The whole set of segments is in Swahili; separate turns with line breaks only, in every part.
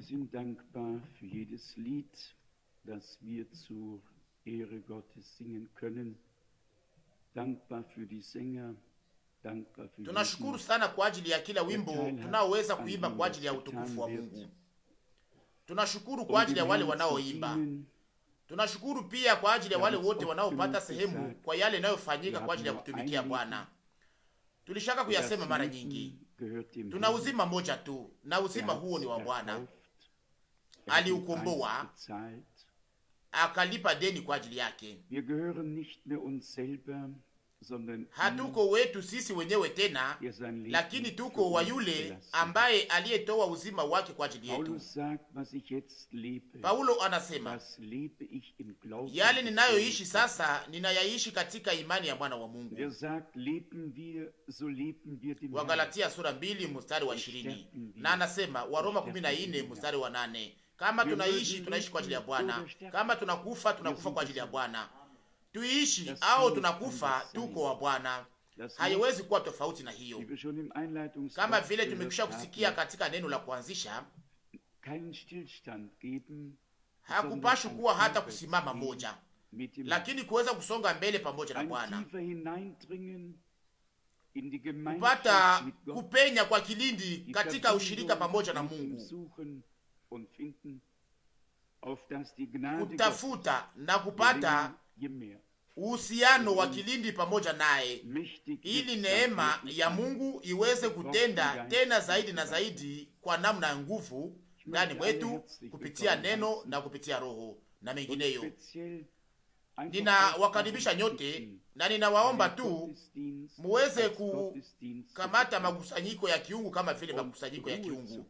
Wir sind dankbar für jedes Lied, das wir zur Ehre Gottes singen können. Dankbar für die Sänger.
Dankbar für Tunashukuru sana kwa ajili ya kila wimbo tunaoweza kuimba kwa ajili ya utukufu wa Mungu. Tunashukuru um kwa ajili ya wale wanaoimba. Tunashukuru pia kwa ajili ya wale wote wanaopata sehemu kwa yale yanayofanyika kwa ajili ya kutumikia Bwana. Tulishaka kuyasema mara nyingi. Tuna uzima moja tu na uzima huo ni wa Bwana aliukomboa akalipa deni kwa ajili yake. Hatuko wetu sisi wenyewe tena, lakini tuko wa yule ambaye aliyetoa uzima wake kwa ajili yetu. Paulo anasema
yale ninayoishi
sasa ninayaishi katika imani ya mwana wa Mungu, er Wagalatia sura mbili mstari wa ishirini na anasema Waroma kumi na nne mstari wa nane kama tunaishi tunaishi kwa ajili ya Bwana, kama tunakufa tunakufa kwa ajili ya Bwana. Tuishi au tunakufa tuko wa Bwana. Haiwezi kuwa tofauti na hiyo. Kama vile tumekwisha kusikia katika neno la kuanzisha, hakupashi kuwa hata kusimama moja, lakini kuweza kusonga mbele pamoja na Bwana, kupata kupenya kwa kilindi katika ushirika pamoja na Mungu kutafuta na kupata uhusiano wa kilindi pamoja naye, ili neema ya Mungu iweze kutenda tena zaidi na zaidi kwa namna ya nguvu ndani mwetu kupitia neno na kupitia Roho na mengineyo. Ninawakaribisha nyote na ninawaomba tu muweze kukamata makusanyiko ya kiungu kama vile makusanyiko ya kiungu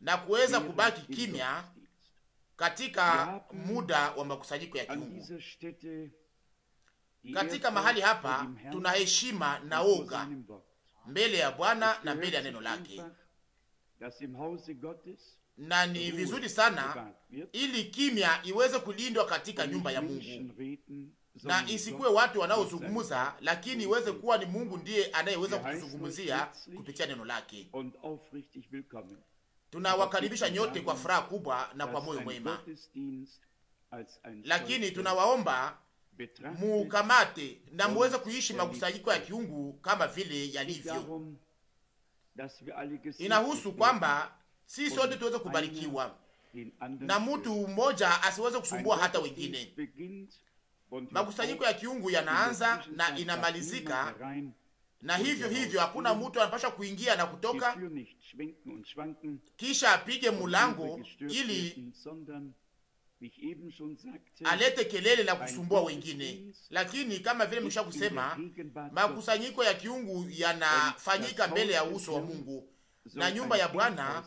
na kuweza kubaki kimya katika muda wa makusanyiko ya kiungu. Katika mahali hapa tuna heshima na oga mbele ya Bwana na mbele ya neno lake na ni vizuri sana, ili kimya iweze kulindwa katika nyumba ya Mungu na isikuwe watu wanaozungumza, lakini iweze kuwa ni Mungu ndiye anayeweza kutuzungumzia kupitia neno lake. Tunawakaribisha nyote kwa furaha kubwa na kwa moyo mwema, lakini tunawaomba mukamate na muweze kuishi makusanyiko ya kiungu kama vile yalivyo. Inahusu kwamba si sote tuweze kubarikiwa na mtu mmoja asiweze kusumbua hata wengine. Makusanyiko ya kiungu yanaanza na inamalizika na hivyo hivyo, hakuna mtu anapasha kuingia na kutoka kisha apige mulango ili alete kelele la kusumbua wengine. Lakini kama vile nimesha kusema, makusanyiko ya kiungu yanafanyika mbele ya uso wa Mungu na nyumba ya Bwana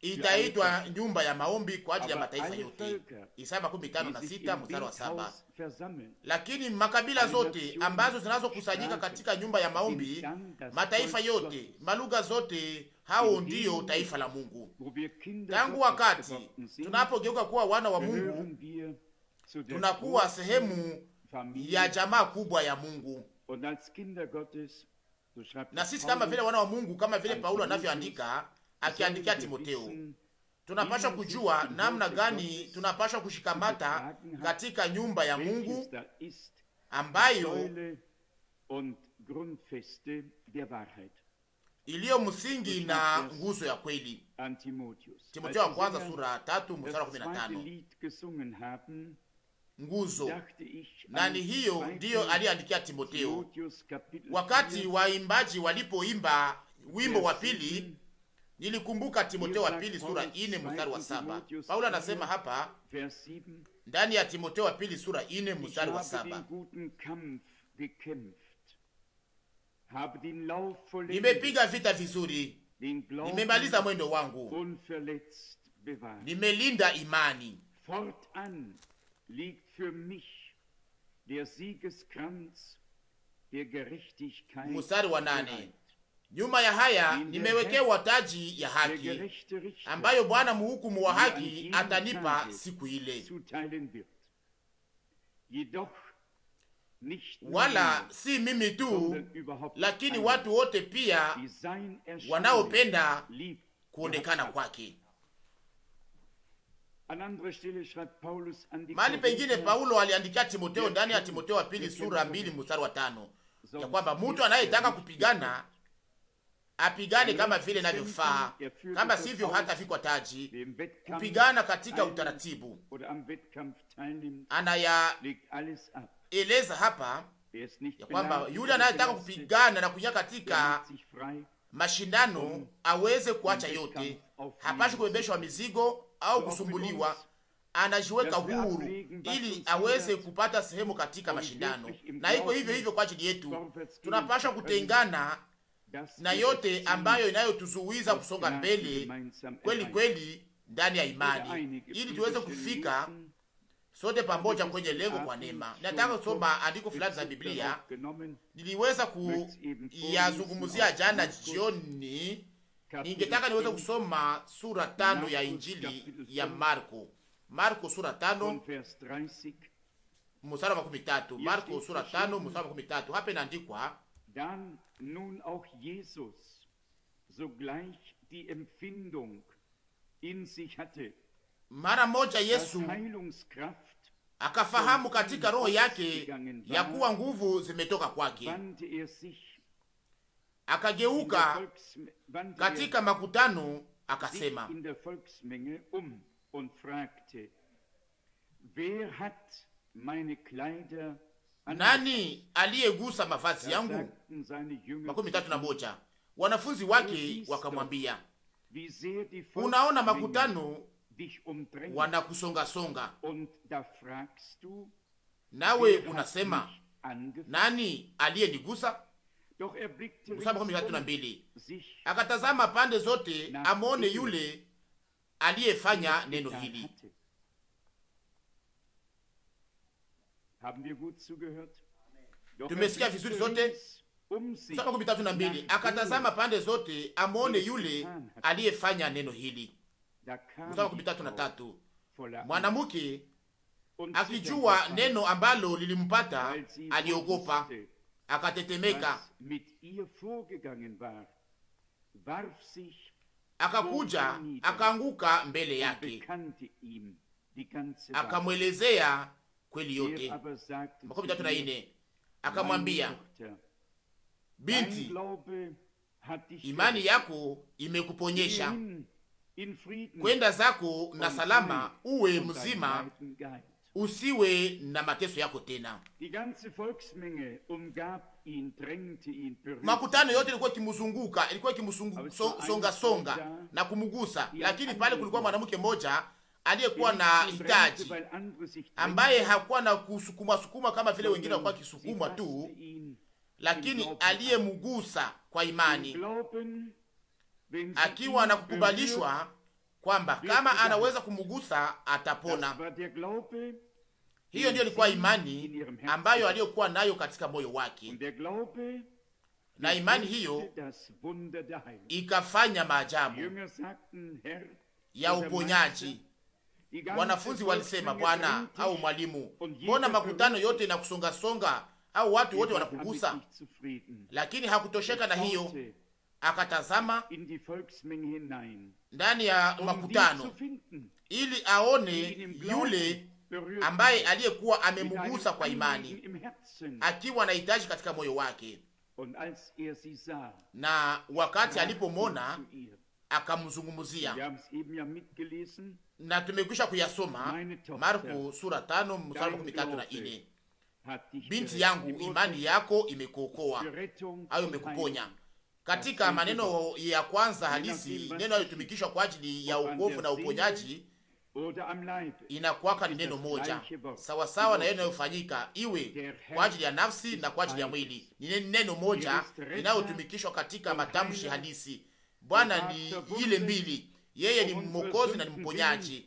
itaitwa nyumba ya maombi kwa ajili ya mataifa yote, Isaya makumi tano na sita mstari wa saba. Lakini makabila zote ambazo zinazokusanyika katika nyumba ya maombi, mataifa yote, malugha zote, hao ndiyo taifa la Mungu. Tangu wakati tunapogeuka kuwa wana wa Mungu, tunakuwa sehemu
ya jamaa
kubwa ya Mungu na sisi kama vile wana wa Mungu, kama vile Paulo anavyoandika akiandikia timoteo tunapashwa kujua namna gani tunapashwa kushikamata katika nyumba ya Mungu ambayo iliyo msingi na nguzo ya kweli. Timoteo wa kwanza sura tatu mstari wa kumi na tano nguzo, na ni hiyo ndiyo aliyeandikia timoteo wakati waimbaji walipoimba wimbo wa pili. Nilikumbuka Timoteo wa pili sura ine mstari wa saba. Paulo anasema hapa ndani ya Timoteo wa pili sura ine mstari wa saba,
nimepiga vita vizuri, nimemaliza mwendo wangu,
nimelinda imani liegt für mich der Siegeskranz der Gerechtigkeit. Mstari wa nane. Nyuma ya haya nimewekewa taji ya haki ambayo Bwana mhukumu wa haki atanipa siku ile, wala si mimi tu, lakini watu wote pia wanaopenda kuonekana kwake.
Mahali pengine
Paulo aliandikia timoteo ndani ya timoteo wa pili sura mbili mstari wa tano ya kwamba mtu anayetaka kupigana apigane kama vile inavyofaa, kama sivyo hatavikwa taji. Kupigana katika utaratibu anayaeleza hapa er ya kwamba yule er anayetaka kupigana na kuingia katika er mashindano aweze kuacha yote, hapashi kubebeshwa mizigo au kusumbuliwa, anajiweka huru ili aweze kupata sehemu katika mashindano, na iko hivyo hivyo kwa ajili yetu. Tunapasha kutengana na yote ambayo inayotuzuiza kusonga mbele kweli kweli ndani ya imani, ili tuweze kufika sote pamoja kwenye lengo kwa neema. Nataka kusoma andiko fulani za Biblia, niliweza kuyazungumzia jana jioni Ningetaka niweze kusoma sura tano ya injili ya Marko, Marko sura tano mstari wa makumi tatu. Marko sura tano mstari wa makumi tatu, hapa inaandikwa mara moja Yesu akafahamu katika roho yake ya kuwa nguvu zimetoka kwake.
Wandte er sich
akageuka
katika makutano
akasema, um nani aliyegusa mavazi yangu? makumi tatu na moja. Wanafunzi wake wakamwambia, unaona makutano wanakusongasonga, nawe unasema nani aliyenigusa? mstari makumi um tatu na mbili akatazama pande zote amwone yule aliyefanya neno hili. Tumesikia vizuri zote. Mstari makumi tatu na mbili akatazama pande zote amwone yule aliyefanya neno hili. Mstari makumi tatu na tatu mwanamke akijua neno ambalo lilimpata aliogopa akatetemeka,
akakuja
akaanguka mbele yake, akamwelezea kweli er yote. makumi tatu na ine akamwambia, binti, imani yako imekuponyesha, kwenda zako na salama, uwe mzima usiwe na mateso yako tena. Makutano yote ilikuwa ikimzunguka, ilikuwa so, songa na kumgusa, er lakini pale kulikuwa mwanamke mmoja aliyekuwa na hitaji ambaye hakuwa na kusukuma sukuma kama vile wengine walikuwa kisukumwa tu, lakini aliyemgusa kwa imani akiwa na kukubalishwa kwamba kama anaweza kumugusa atapona. Hiyo ndiyo ilikuwa imani ambayo aliyokuwa nayo katika moyo wake, na imani hiyo ikafanya maajabu ya uponyaji. Wanafunzi walisema, Bwana au mwalimu, mbona makutano yote inakusongasonga au watu wote wanakugusa? Lakini hakutosheka na hiyo akatazama ndani ya um makutano ili aone yule ambaye aliyekuwa amemgusa kwa imani akiwa anahitaji katika moyo wake. Er na wakati alipomona akamzungumzia, na tumekwisha kuyasoma Marko sura tano mstari makumi tatu na ine, binti yangu, imani yako imekuokoa au imekuponya. Katika maneno ya kwanza halisi, neno yalitumikishwa kwa ajili ya ukovu na uponyaji inakuwaka ni neno moja sawa sawa na hiyo inayofanyika iwe kwa ajili ya nafsi na kwa ajili ya mwili. Ni neno moja inayotumikishwa katika matamshi halisi. Bwana ni ile mbili, yeye ni mwokozi na ni mponyaji.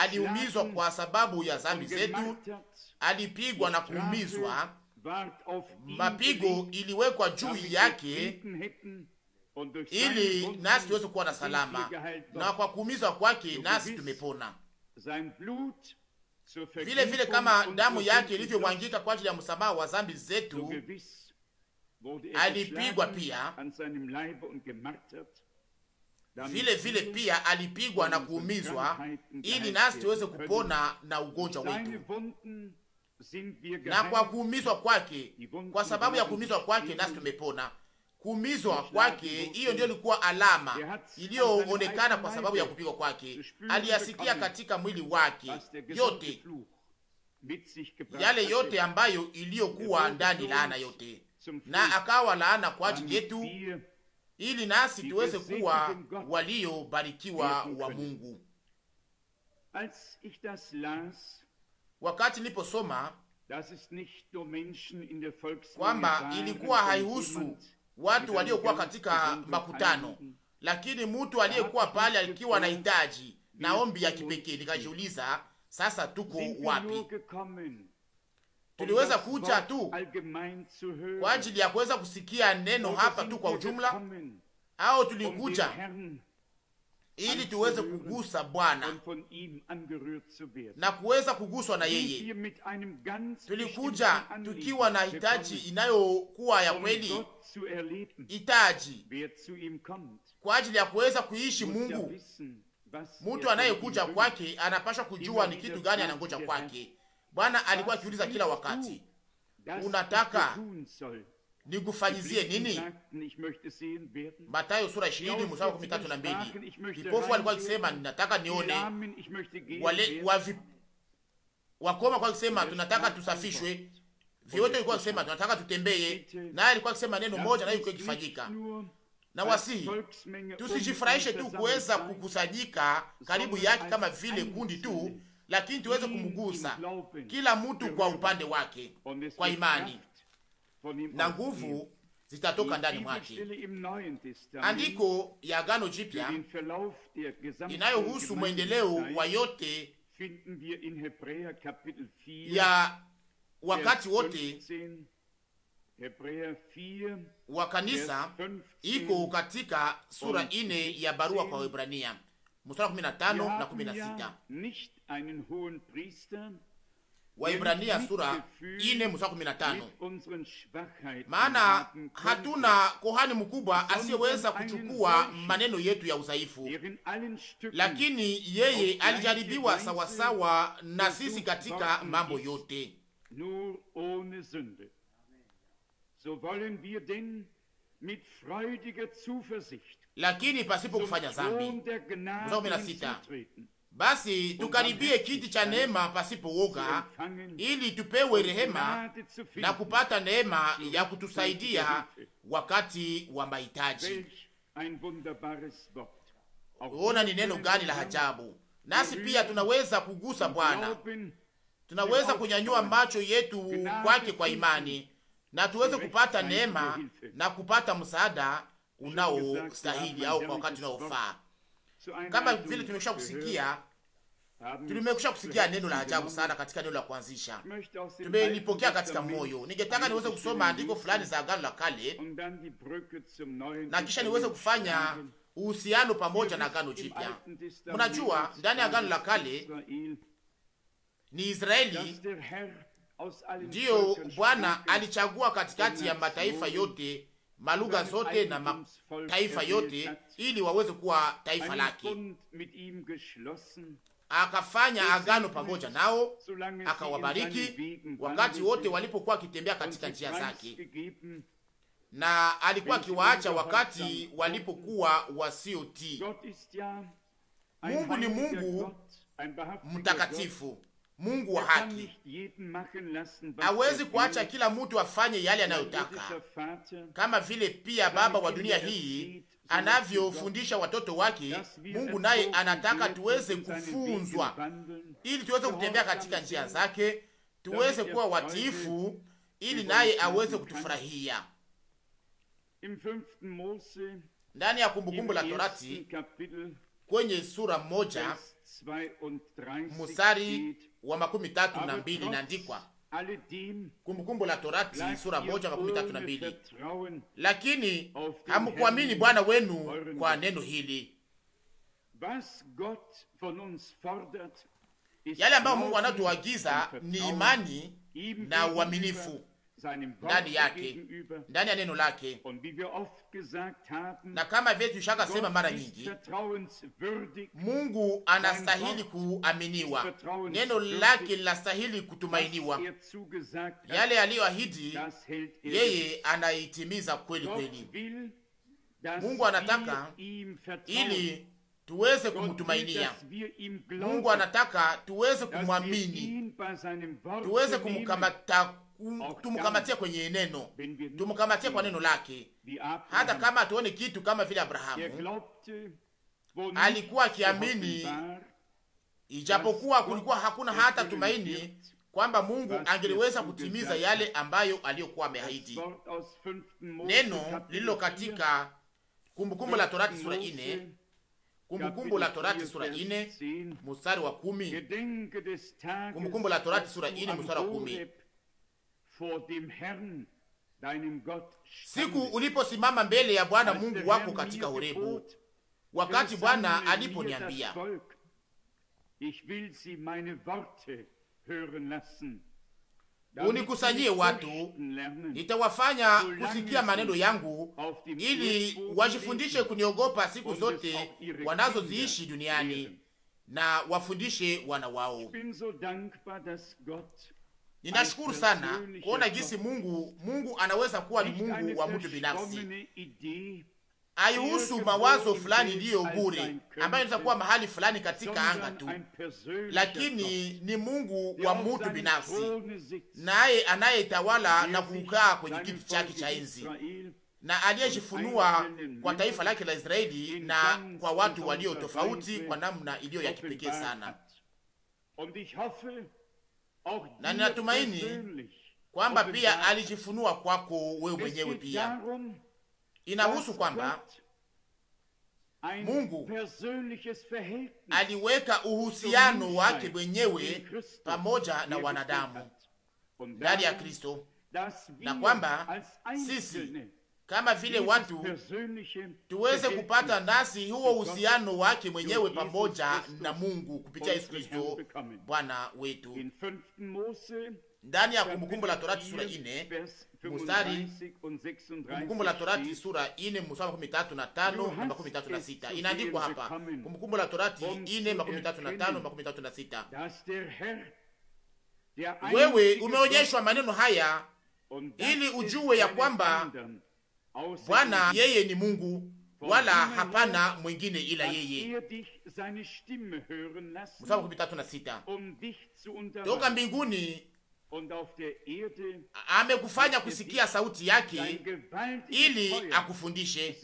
Aliumizwa kwa sababu ya dhambi zetu, alipigwa na kuumizwa mapigo iliwekwa juu yake
ili nasi tuweze kuwa na salama, na
kwa kuumizwa kwake nasi tumepona. Vile vile kama damu yake ilivyomwangika kwa ajili ya msamaha wa dhambi zetu, er alipigwa pia vile vile pia alipigwa na kuumizwa, ili nasi tuweze kupona na ugonjwa wetu na kwa kuumizwa kwake, kwa sababu ya kuumizwa kwake nasi tumepona. Kuumizwa kwake, hiyo ndio ilikuwa alama iliyoonekana kwa sababu ya kupigwa kwake. Aliyasikia katika mwili wake yote yale yote ambayo iliyokuwa ndani laana yote, na akawa laana kwa ajili yetu, ili nasi tuweze kuwa waliobarikiwa wa Mungu wakati niliposoma kwamba ilikuwa haihusu watu waliokuwa katika makutano, lakini mtu aliyekuwa pale akiwa na hitaji na ombi ya kipekee. Nikajiuliza, sasa tuko wapi? Um Tuliweza kuja tu kwa ajili ya kuweza kusikia neno hapa tu kwa ujumla, au um tulikuja ili tuweze kugusa Bwana na kuweza kuguswa na yeye. Tulikuja tukiwa na hitaji inayokuwa ya um kweli, hitaji kwa ajili ya kuweza kuishi Mungu. Mtu er anayekuja kwake anapashwa kujua ni kitu gani anangoja er kwake. Bwana alikuwa akiuliza kila wakati, unataka nikufanyizie nini? Matayo sura ishirini mstari kumi tatu na mbili.
Kipofu alikuwa
akisema ninataka nione, wale wavi wakoma kwa akisema tunataka tusafishwe, vyote alikuwa akisema tunataka tutembeye, naye alikuwa akisema neno moja nayo ilikuwa ikifanyika. Na wasihi
tusijifurahishe
tu kuweza kukusanyika karibu yake kama vile kundi tu, lakini tuweze kumgusa kila mtu kwa upande wake kwa imani na nguvu zitatoka ndani mwake. Andiko ya Agano Jipya inayohusu mwendeleo wa yote ya wakati wote wa kanisa iko katika sura ine ya barua kwa Waebrania mstari wa na
Waibrania sura ine mstari kumi Maana
hatuna kuhani mkubwa asiyeweza kuchukua maneno yetu ya udhaifu, lakini yeye alijaribiwa sawasawa na sisi katika mambo yote, lakini pasipo kufanya dhambi.
Mstari
kumi basi tukaribie kiti cha neema pasipo woga, ili tupewe rehema na kupata neema ya kutusaidia wakati wa mahitaji. Ona ni neno gani la ajabu! Nasi pia tunaweza kugusa Bwana, tunaweza kunyanyua macho yetu kwake kwa imani, na tuweze kupata neema na kupata msaada unaostahili au kwa wakati unaofaa, kama vile tumesha kusikia tulimekusha kusikia neno la ajabu sana katika neno la kuanzisha,
tumelipokea
katika moyo. Ningetaka niweze kusoma andiko fulani za Agano la Kale na kisha niweze kufanya uhusiano pamoja na Agano Jipya.
Mnajua,
ndani ya Agano la Kale ni Israeli ndiyo Bwana alichagua katikati ya mataifa yote malugha zote na mataifa yote ili waweze kuwa taifa lake akafanya agano pamoja nao, akawabariki wakati wote walipokuwa wakitembea katika njia zake, na alikuwa akiwaacha wakati walipokuwa wasiotii. Mungu ni Mungu mtakatifu, Mungu wa haki, hawezi kuacha kila mtu afanye yale anayotaka, kama vile pia Baba wa dunia hii anavyofundisha watoto wake, Mungu naye anataka tuweze kufunzwa ili tuweze kutembea katika njia zake, tuweze kuwa watiifu ili naye aweze kutufurahia. Ndani ya Kumbukumbu la Torati kwenye sura moja mstari wa makumi tatu na mbili inaandikwa Kumbukumbu la Torati sura moja makumi tatu na mbili. Lakini hamkuamini Bwana wenu kwa neno hili.
Yale ambayo Mungu anatuagiza ni imani na uaminifu ndani yake, ndani ya neno lake. Na kama vile tulishaka sema mara nyingi,
Mungu anastahili kuaminiwa, neno lake linastahili kutumainiwa. Er Yale aliyoahidi er yeye anaitimiza kweli kweli. Mungu anataka ili tuweze kumtumainia Mungu, anataka tuweze kumwamini, tuweze kumkamata tumkamatie kwenye neno, tumkamatie kwa neno lake, hata kama tuone kitu kama vile Abrahamu alikuwa akiamini, ijapokuwa kulikuwa hakuna hata tumaini kwamba Mungu angeliweza kutimiza yale ambayo aliyokuwa ameahidi. Neno lililo katika Kumbukumbu la Torati sura ine Kumbukumbu la Torati sura ine mstari wa kumi Kumbukumbu la Torati sura ine mstari wa kumi siku uliposimama mbele ya Bwana Mungu wako katika Horebu, wakati Bwana aliponiambia unikusanyie watu, nitawafanya kusikia maneno yangu, ili wajifundishe kuniogopa siku zote wanazoziishi duniani na wafundishe wana wao. Ninashukuru sana kuona jinsi Mungu Mungu anaweza kuwa ni Mungu wa mtu binafsi, aihusu mawazo fulani iliyo bure ambayo inaweza kuwa mahali fulani katika anga tu, lakini ni Mungu wa mtu binafsi, naye anayetawala na kukaa kwenye kiti chake cha enzi na aliyejifunua kwa taifa lake la Israeli na kwa watu walio tofauti kwa namna iliyo ya kipekee sana
na ninatumaini
kwamba pia alijifunua kwako wewe mwenyewe. Pia inahusu kwamba Mungu aliweka uhusiano wake mwenyewe pamoja na wanadamu ndani ya Kristo, na kwamba sisi kama vile watu tuweze kupata nasi huo uhusiano wake mwenyewe pamoja na Mungu kupitia Yesu Kristo Bwana wetu. Ndani ya Kumbukumbu la Torati sura ine mstari Kumbukumbu la Torati sura ine mstari makumi tatu na tano na makumi tatu na sita inaandikwa hapa, Kumbukumbu la Torati ine makumi tatu na tano makumi tatu na sita wewe umeonyeshwa maneno haya ili ujue ya kwamba Bwana yeye ni Mungu, wala hapana mwingine ila yeye. Er Mstari makumi tatu na sita
um toka mbinguni
amekufanya er kusikia sauti yake ili akufundishe,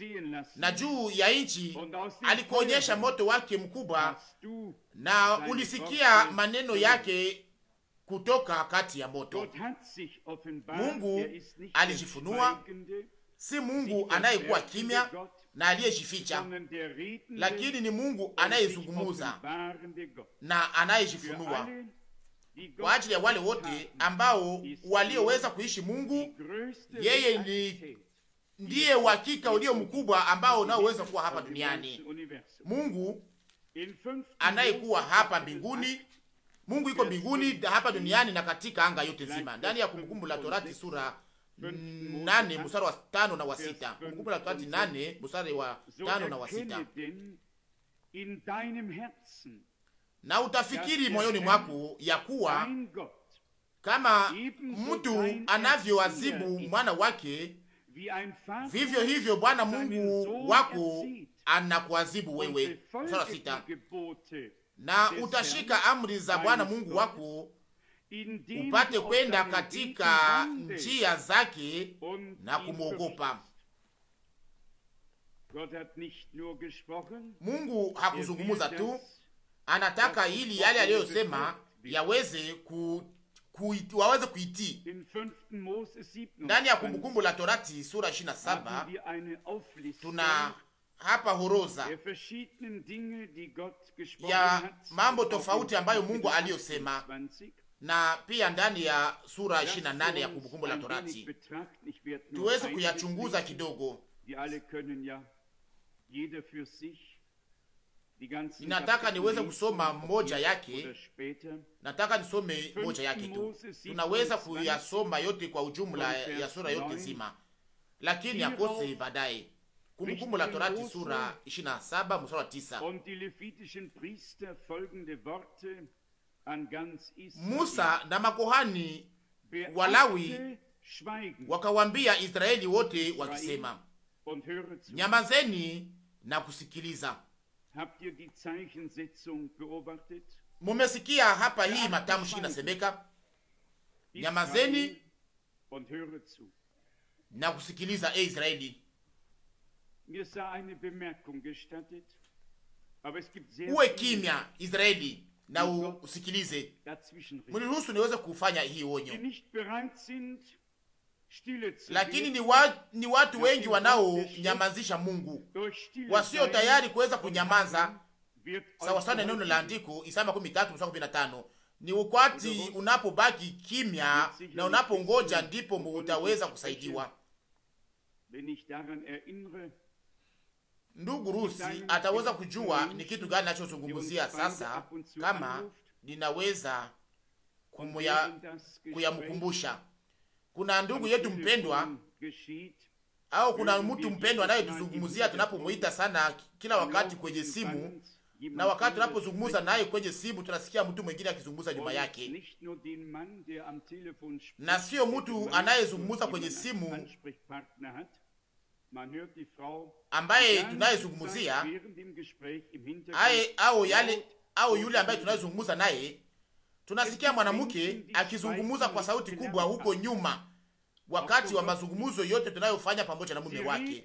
na juu ya nchi alikuonyesha moto wake mkubwa,
na ulisikia
maneno yake kutoka kati ya moto. Mungu er alijifunua si Mungu anayekuwa kimya na aliyejificha, lakini ni Mungu anayezungumuza na anayejifunua kwa ajili ya wale wote ambao walioweza kuishi Mungu. Yeye ni ndiye uhakika ulio mkubwa ambao unaoweza kuwa hapa duniani, Mungu anayekuwa hapa mbinguni. Mungu iko mbinguni, hapa duniani na katika anga yote nzima, ndani ya Kumbukumbu la Torati sura nane mstari wa tano na wa sita. Kumbukumbu la Torati nane mstari wa tano na wa sita. Na utafikiri moyoni mwako ya kuwa kama mtu anavyoazibu mwana wake, vivyo hivyo Bwana Mungu wako anakuazibu wewe. Mstari wa sita. Na utashika amri za Bwana Mungu wako upate kwenda katika njia zake na kumwogopa.
Mungu hakuzungumuza tu,
anataka ili yale aliyosema yaweze ku waweze kuitii. Ndani ya Kumbukumbu la Torati sura 27 tuna hapa horoza ya mambo tofauti ambayo Mungu aliyosema na pia ndani ya sura 28 ya Kumbukumbu la Torati tuweze kuyachunguza kidogo.
Ninataka niweze kusoma moja yake,
nataka nisome moja yake tu. Tunaweza kuyasoma yote kwa ujumla ya sura yote nzima, lakini akose baadaye. Kumbukumbu la Torati sura 27 mstari wa
9. Musa
na makohani Walawi
wakawambia Israeli wote wakisema,
nyamazeni na kusikiliza. Mumesikia hapa hii matamshi inasemeka, nyamazeni na kusikiliza, e Israeli.
Uwe kimya
Israeli, na usikilize. Mniruhusu niweze kufanya hii onyo,
lakini ni, wa, ni watu wengi
wanaonyamazisha Mungu, wasio tayari kuweza kunyamaza sawasawa na neno la andiko Isaya makumi tatu mstari kumi na tano ni ukwati unapobaki kimya na unapongoja ndipo utaweza kusaidiwa ndugu Rusi ataweza kujua ni kitu gani nachozungumzia sasa, kama ninaweza kuyamkumbusha. Kuna ndugu yetu mpendwa au kuna mtu mpendwa anayetuzungumzia tunapomwita sana kila wakati kwenye simu, na wakati tunapozungumza naye kwenye simu tunasikia mtu mwingine akizungumza nyuma yake, na sio mtu anayezungumza kwenye simu ambaye tunayezungumzia au yale au yule ambaye tunayezungumza naye, tunasikia mwanamke akizungumza kwa sauti kubwa huko nyuma, wakati wa mazungumzo yote tunayofanya pamoja na mume wake.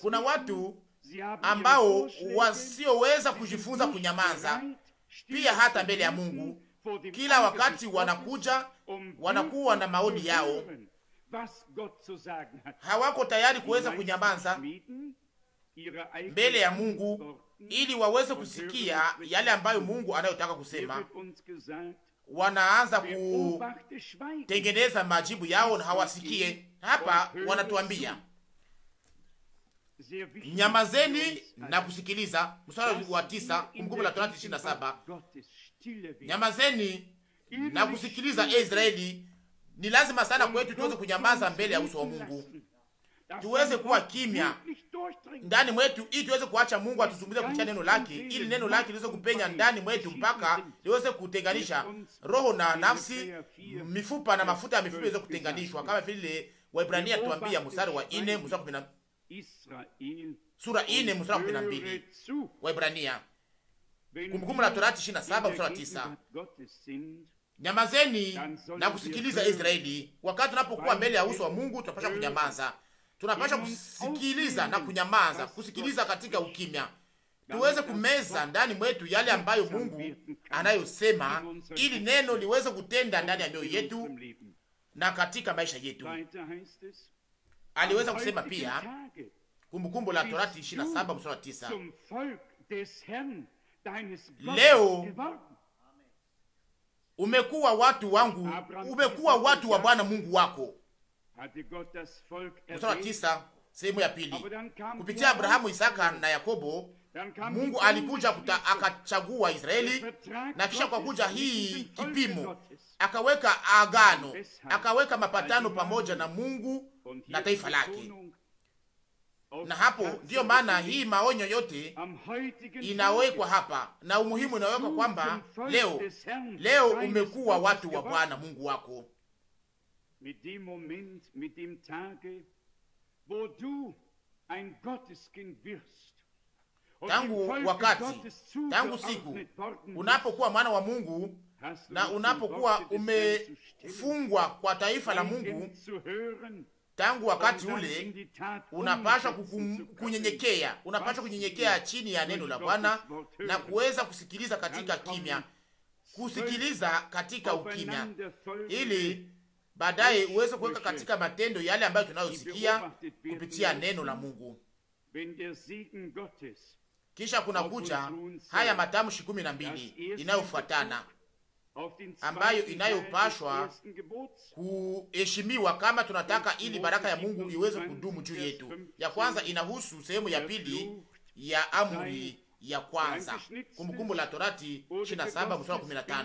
Kuna watu ambao
wasioweza kujifunza kunyamaza, pia hata mbele ya Mungu.
Kila wakati wanakuja, um
wanakuwa na maoni yao hawako tayari kuweza kunyamaza mbele ya Mungu ili waweze kusikia yale ambayo Mungu anayotaka kusema. Wanaanza
kutengeneza
majibu yao na hawasikie. Hapa wanatuambia
nyamazeni
na kusikiliza, mstari wa tisa, Kumbukumbu la Torati ishirini na saba nyamazeni na kusikiliza Israeli, ni lazima sana kwetu tuweze kunyamaza mbele ya uso wa Mungu, tuweze kuwa kimya ndani mwetu, ili tuweze kuacha Mungu atuzungumze kupitia neno lake, ili neno lake liweze kupenya ndani mwetu mpaka liweze kutenganisha roho na nafsi, mifupa na mafuta ya mifupa iweze kutenganishwa, kama vile Waibrania tuambia mstari wa 4 mstari wa 12, sura 4 mstari wa 12, Waibrania Kumbukumbu la Torati 27 mstari wa 9. Nyamazeni na kusikiliza Israeli. Wakati tunapokuwa mbele ya uso wa Mungu, tunapasha kunyamaza, tunapasha kusikiliza na kunyamaza, kusikiliza katika ukimya, tuweze kumeza ndani mwetu yale ambayo Mungu anayosema, ili neno liweze kutenda ndani ya mioyo yetu na katika maisha yetu.
Aliweza kusema pia
Kumbukumbu la Torati 27 mstari
9, leo
umekuwa watu wangu, umekuwa watu wa Bwana Mungu wako. Mstari tisa, sehemu ya pili.
Kupitia Abrahamu,
Isaka na Yakobo
Mungu alikuja
kuta, akachagua Israeli
na kisha kwa kuja hii
kipimo akaweka agano, akaweka mapatano pamoja na Mungu
na taifa lake
na hapo ndiyo maana hii maonyo yote inawekwa hapa na umuhimu inawekwa kwamba leo leo umekuwa watu wa Bwana Mungu wako tangu wakati tangu siku unapokuwa mwana wa Mungu na unapokuwa umefungwa kwa taifa la Mungu tangu wakati ule unapashwa kunyenyekea, unapashwa kunyenyekea chini ya neno la Bwana na kuweza kusikiliza katika kimya, kusikiliza katika ukimya, ili baadaye uweze kuweka katika matendo yale ambayo tunayosikia kupitia neno la Mungu. Kisha kuna kuja haya matamshi kumi na mbili inayofuatana ambayo inayopashwa kuheshimiwa kama tunataka ili baraka ya Mungu iweze kudumu juu yetu. Ya kwanza inahusu sehemu ya pili ya amri ya kwanza, Kumbukumbu la Torati 27 mstari 15.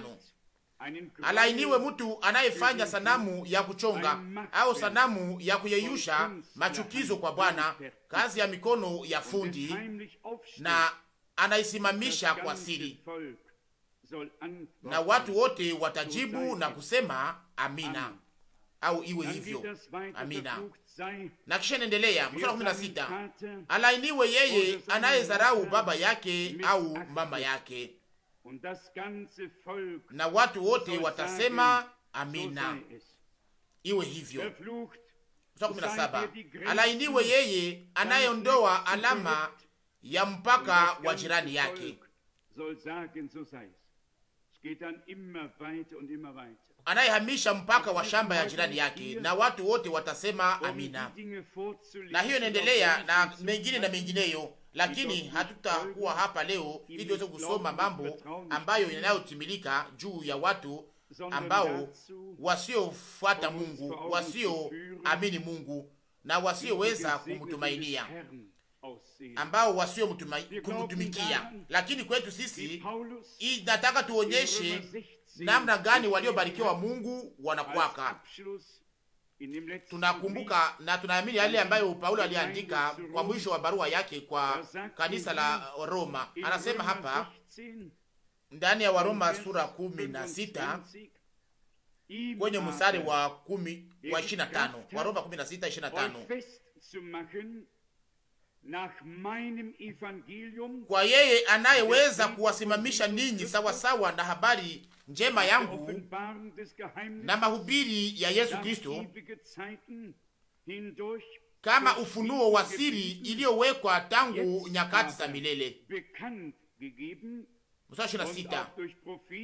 Alainiwe mtu anayefanya sanamu ya kuchonga au sanamu ya kuyeyusha, machukizo kwa Bwana, kazi ya mikono ya fundi, na anaisimamisha kwa siri na watu wote watajibu na kusema amina, au iwe hivyo. Amina. Na kisha inaendelea mstari wa 16, alainiwe yeye anayedharau baba yake au mama yake. Na watu wote watasema amina, iwe hivyo.
Mstari wa 17, alainiwe yeye
anayeondoa alama ya mpaka wa jirani yake anayehamisha mpaka wa shamba ya jirani yake, na watu wote watasema amina. Na hiyo inaendelea na mengine na mengineyo, lakini hatutakuwa hapa leo ili tuweze kusoma mambo ambayo yanayotimilika juu ya watu ambao wasiofuata Mungu, wasioamini Mungu na wasioweza kumtumainia ambao wasio kumtumikia, lakini kwetu sisi inataka tuonyeshe namna gani waliobarikiwa Mungu wanakuwaka. Tunakumbuka na tunaamini yale ambayo Paulo aliandika kwa mwisho wa barua yake kwa kanisa er la Roma. Anasema hapa ndani ya Waroma sura kumi na sita kwenye mstari wa kumi wa er ishirini na tano Waroma kumi na sita ishirini na tano
kwa yeye anayeweza
kuwasimamisha ninyi sawasawa na habari njema yangu
na mahubiri
ya Yesu Kristo kama ufunuo wa siri iliyowekwa tangu nyakati za milele.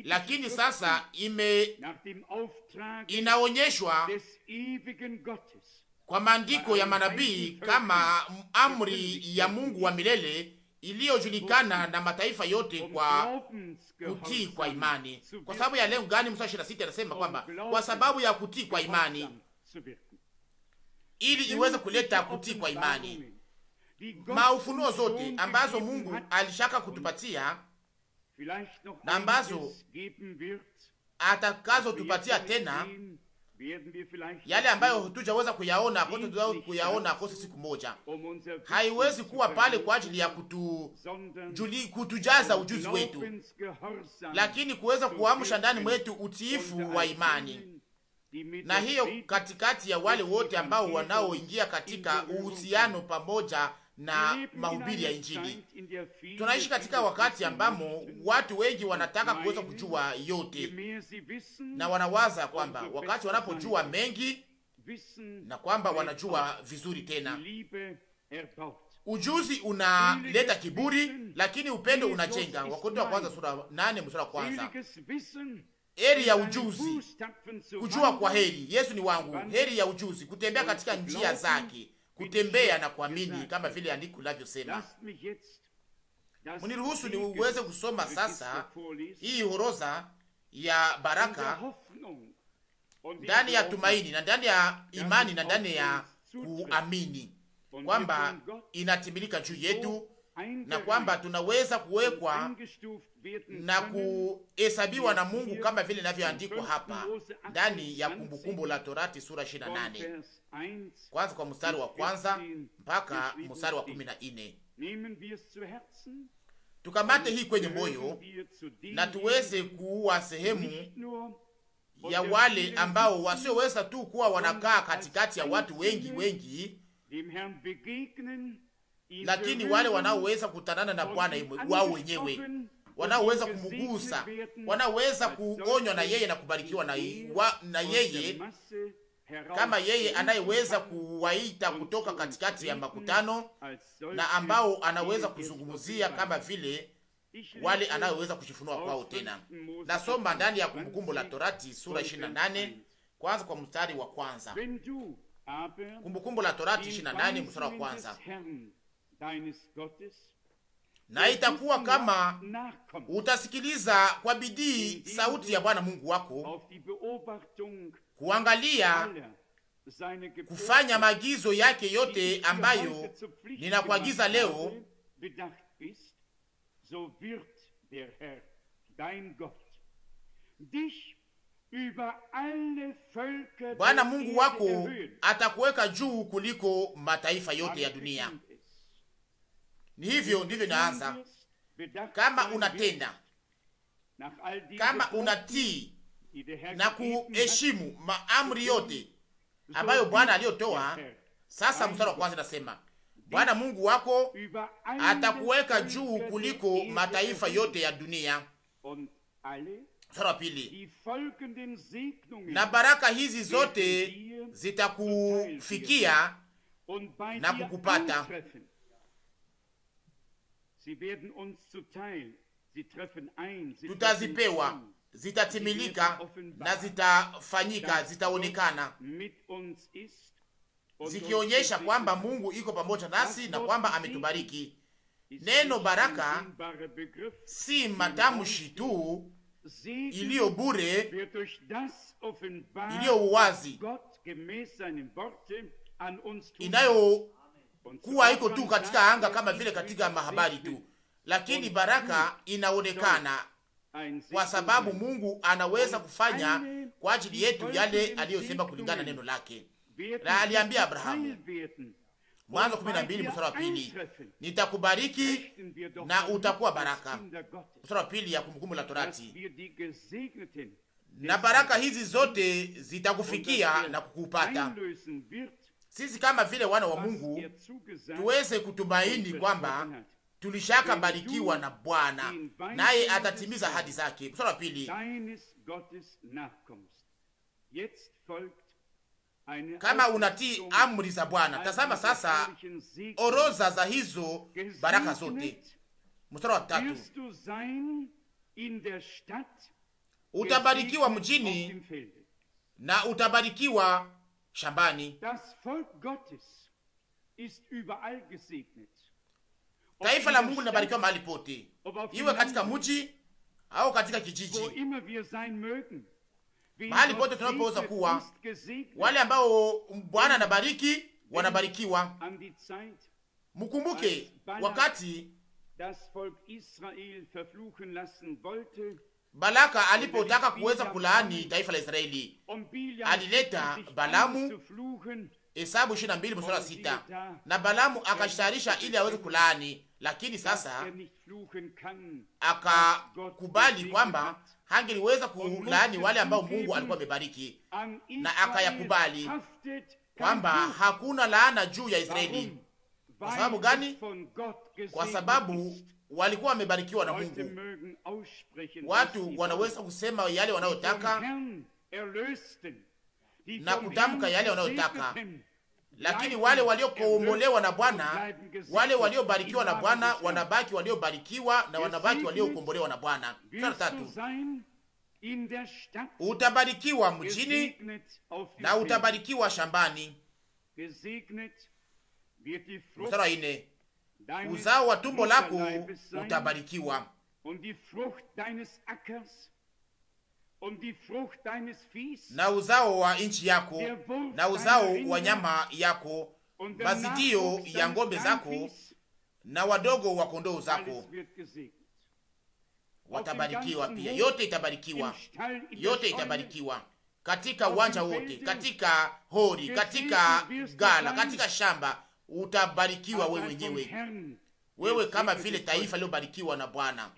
Lakini sasa ime inaonyeshwa kwa maandiko ya manabii kama amri ya Mungu wa milele iliyojulikana na mataifa yote kwa kutii kwa imani. Kwa sababu ya leo gani? Mstari ishirini na sita anasema kwamba kwa sababu ya kutii kwa imani, ili iweze kuleta kutii kwa imani. Maufunuo zote ambazo Mungu alishaka kutupatia na ambazo atakazotupatia tena yale ambayo hatujaweza kuyaona kote, kuyaona kose siku moja. Haiwezi kuwa pale kwa ajili ya kutu, juli, kutujaza ujuzi wetu, lakini kuweza kuamsha ndani mwetu utiifu wa imani, na hiyo katikati ya wale wote ambao wanaoingia katika uhusiano pamoja na mahubiri ya Injili. Tunaishi katika wakati ambamo watu wengi wanataka kuweza kujua yote, na wanawaza kwamba wakati wanapojua mengi na kwamba wanajua vizuri tena. Ujuzi unaleta kiburi, lakini upendo unajenga. Wakorintho wa kwanza sura nane mstari wa kwanza. Heri ya ujuzi, kujua kwa heri. Yesu ni wangu. Heri ya ujuzi, kutembea katika njia zake kutembea na kuamini kama vile andiko linavyosema. Mniruhusu niweze kusoma sasa hii horoza ya baraka ndani ya tumaini na ndani ya imani na ndani ya kuamini kwamba inatimilika juu yetu na kwamba tunaweza kuwekwa na kuhesabiwa na Mungu kama vile inavyoandikwa hapa ndani ya Kumbukumbu la Torati sura 28 kwanza kwa mstari wa kwanza mpaka mstari wa kumi na nne. Tukamate hii kwenye moyo na tuweze kuwa sehemu ya wale ambao wasioweza tu kuwa wanakaa katikati ya watu wengi wengi
lakini wale wanaoweza
kutanana na Bwana wao wenyewe, wanaoweza kumgusa, wanaoweza kuonywa na yeye na kubarikiwa na, na yeye
kama yeye anayeweza
kuwaita kutoka katikati ya makutano na ambao anaweza kuzungumzia kama vile wale anayeweza kujifunua kwao. Tena nasoma ndani ya Kumbukumbu la Torati sura 28 kwanza kwa mstari wa kwanza.
Kumbukumbu la Torati 28 mstari wa kwanza
na itakuwa kama utasikiliza kwa bidii sauti ya Bwana Mungu wako, kuangalia
kufanya maagizo yake yote ambayo ninakuagiza leo, Bwana Mungu wako
atakuweka juu kuliko mataifa yote ya dunia. Ni hivyo ndivyo inaanza, kama unatenda, kama unatii na kuheshimu maamri yote ambayo Bwana aliyotoa. Sasa mstari wa kwanza nasema Bwana Mungu wako atakuweka juu kuliko mataifa yote ya dunia. Mstari wa pili,
na baraka hizi zote
zitakufikia
na kukupata
tutazipewa, zitatimilika na zitafanyika, zitaonekana
zikionyesha
kwamba Mungu iko pamoja nasi na kwamba ametubariki. Neno baraka si matamshi tu iliyo bure,
iliyo uwazi
inayo kuwa iko tu katika anga kama vile katika mahabari tu, lakini baraka inaonekana kwa sababu Mungu anaweza kufanya kwa ajili yetu yale aliyosema kulingana neno lake, na aliambia Abrahamu
Mwanzo 12 mstari wa pili,
nitakubariki
na utakuwa
baraka. Mstari wa pili ya Kumbukumbu la Torati.
Na baraka hizi zote
zitakufikia na kukupata sisi kama vile wana wa Mungu tuweze kutumaini kwamba tulishaka barikiwa na Bwana, naye atatimiza ahadi zake. Mstari wa pili, kama unatii amri za Bwana. Tazama sasa oroza za hizo baraka zote. Mstari wa tatu, utabarikiwa mjini na utabarikiwa shambani. Taifa la Mungu linabarikiwa mahali pote, iwe katika mji
au katika kijiji, mahali pote tunapoweza kuwa. Wale ambao
Bwana anabariki wanabarikiwa. Mkumbuke
wakati
Balaka alipotaka kuweza kulaani taifa la Israeli alileta Balamu, Hesabu 22 sita, na Balamu akashitarisha ili aweze kulaani, lakini sasa akakubali kwamba hangeliweza kulaani wale ambao Mungu alikuwa amebariki, na akayakubali kwamba hakuna laana juu ya Israeli. Kwa sababu gani? Kwa sababu walikuwa wamebarikiwa na Mungu.
Watu wanaweza kusema yale wanayotaka
na kutamka yale wanayotaka, lakini wale waliokombolewa na Bwana, wale waliobarikiwa na Bwana wanabaki waliobarikiwa na wanabaki waliokombolewa na Bwana. Tatu, utabarikiwa mjini na utabarikiwa shambani. Mstari wa nne
uzao wa tumbo lako utabarikiwa.
Na uzao wa nchi yako na uzao wa nyama yako,
mazitio ya
ng'ombe zako na wadogo wa kondoo zako watabarikiwa pia. Yote itabarikiwa, yote itabarikiwa katika uwanja wote, katika hori, katika gala, katika shamba utabarikiwa wewe mwenyewe, wewe kama vile taifa lilobarikiwa na Bwana.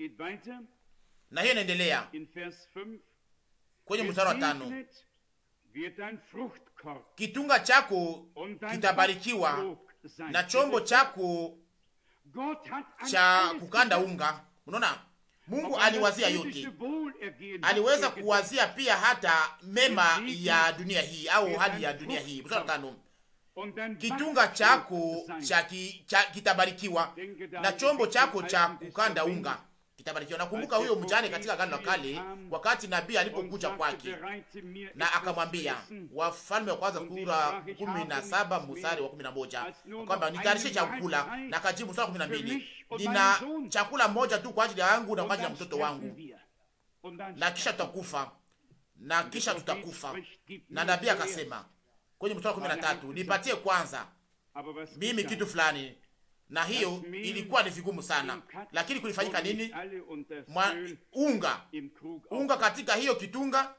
Na hiyo inaendelea kwenye mstari wa tano, kitunga chako
kitabarikiwa
na chombo chako cha kukanda unga. Unaona, Mungu aliwazia yote, aliweza kuwazia pia hata mema ya dunia hii au hali ya dunia hii. Mstari wa tano kitunga chako cha ki, cha, kitabarikiwa na chombo chako cha kukanda unga kitabarikiwa. Nakumbuka huyo mjane katika Agano la Kale, wakati nabii alipokuja kwake na akamwambia, Wafalme wa Kwanza sura kumi na saba mstari wa kumi na moja kwamba nitayarishe chakula, na akajibu sura wa kumi na mbili nina chakula moja tu kwa ajili yangu na kwa ajili ya mtoto wangu, na kisha tutakufa na kisha tutakufa. Na nabii akasema kwenye mstari wa tatu nipatie kwanza mimi kitu fulani, na hiyo ilikuwa ni vigumu sana, lakini kulifanyika nini? Mwa, unga unga katika hiyo kitunga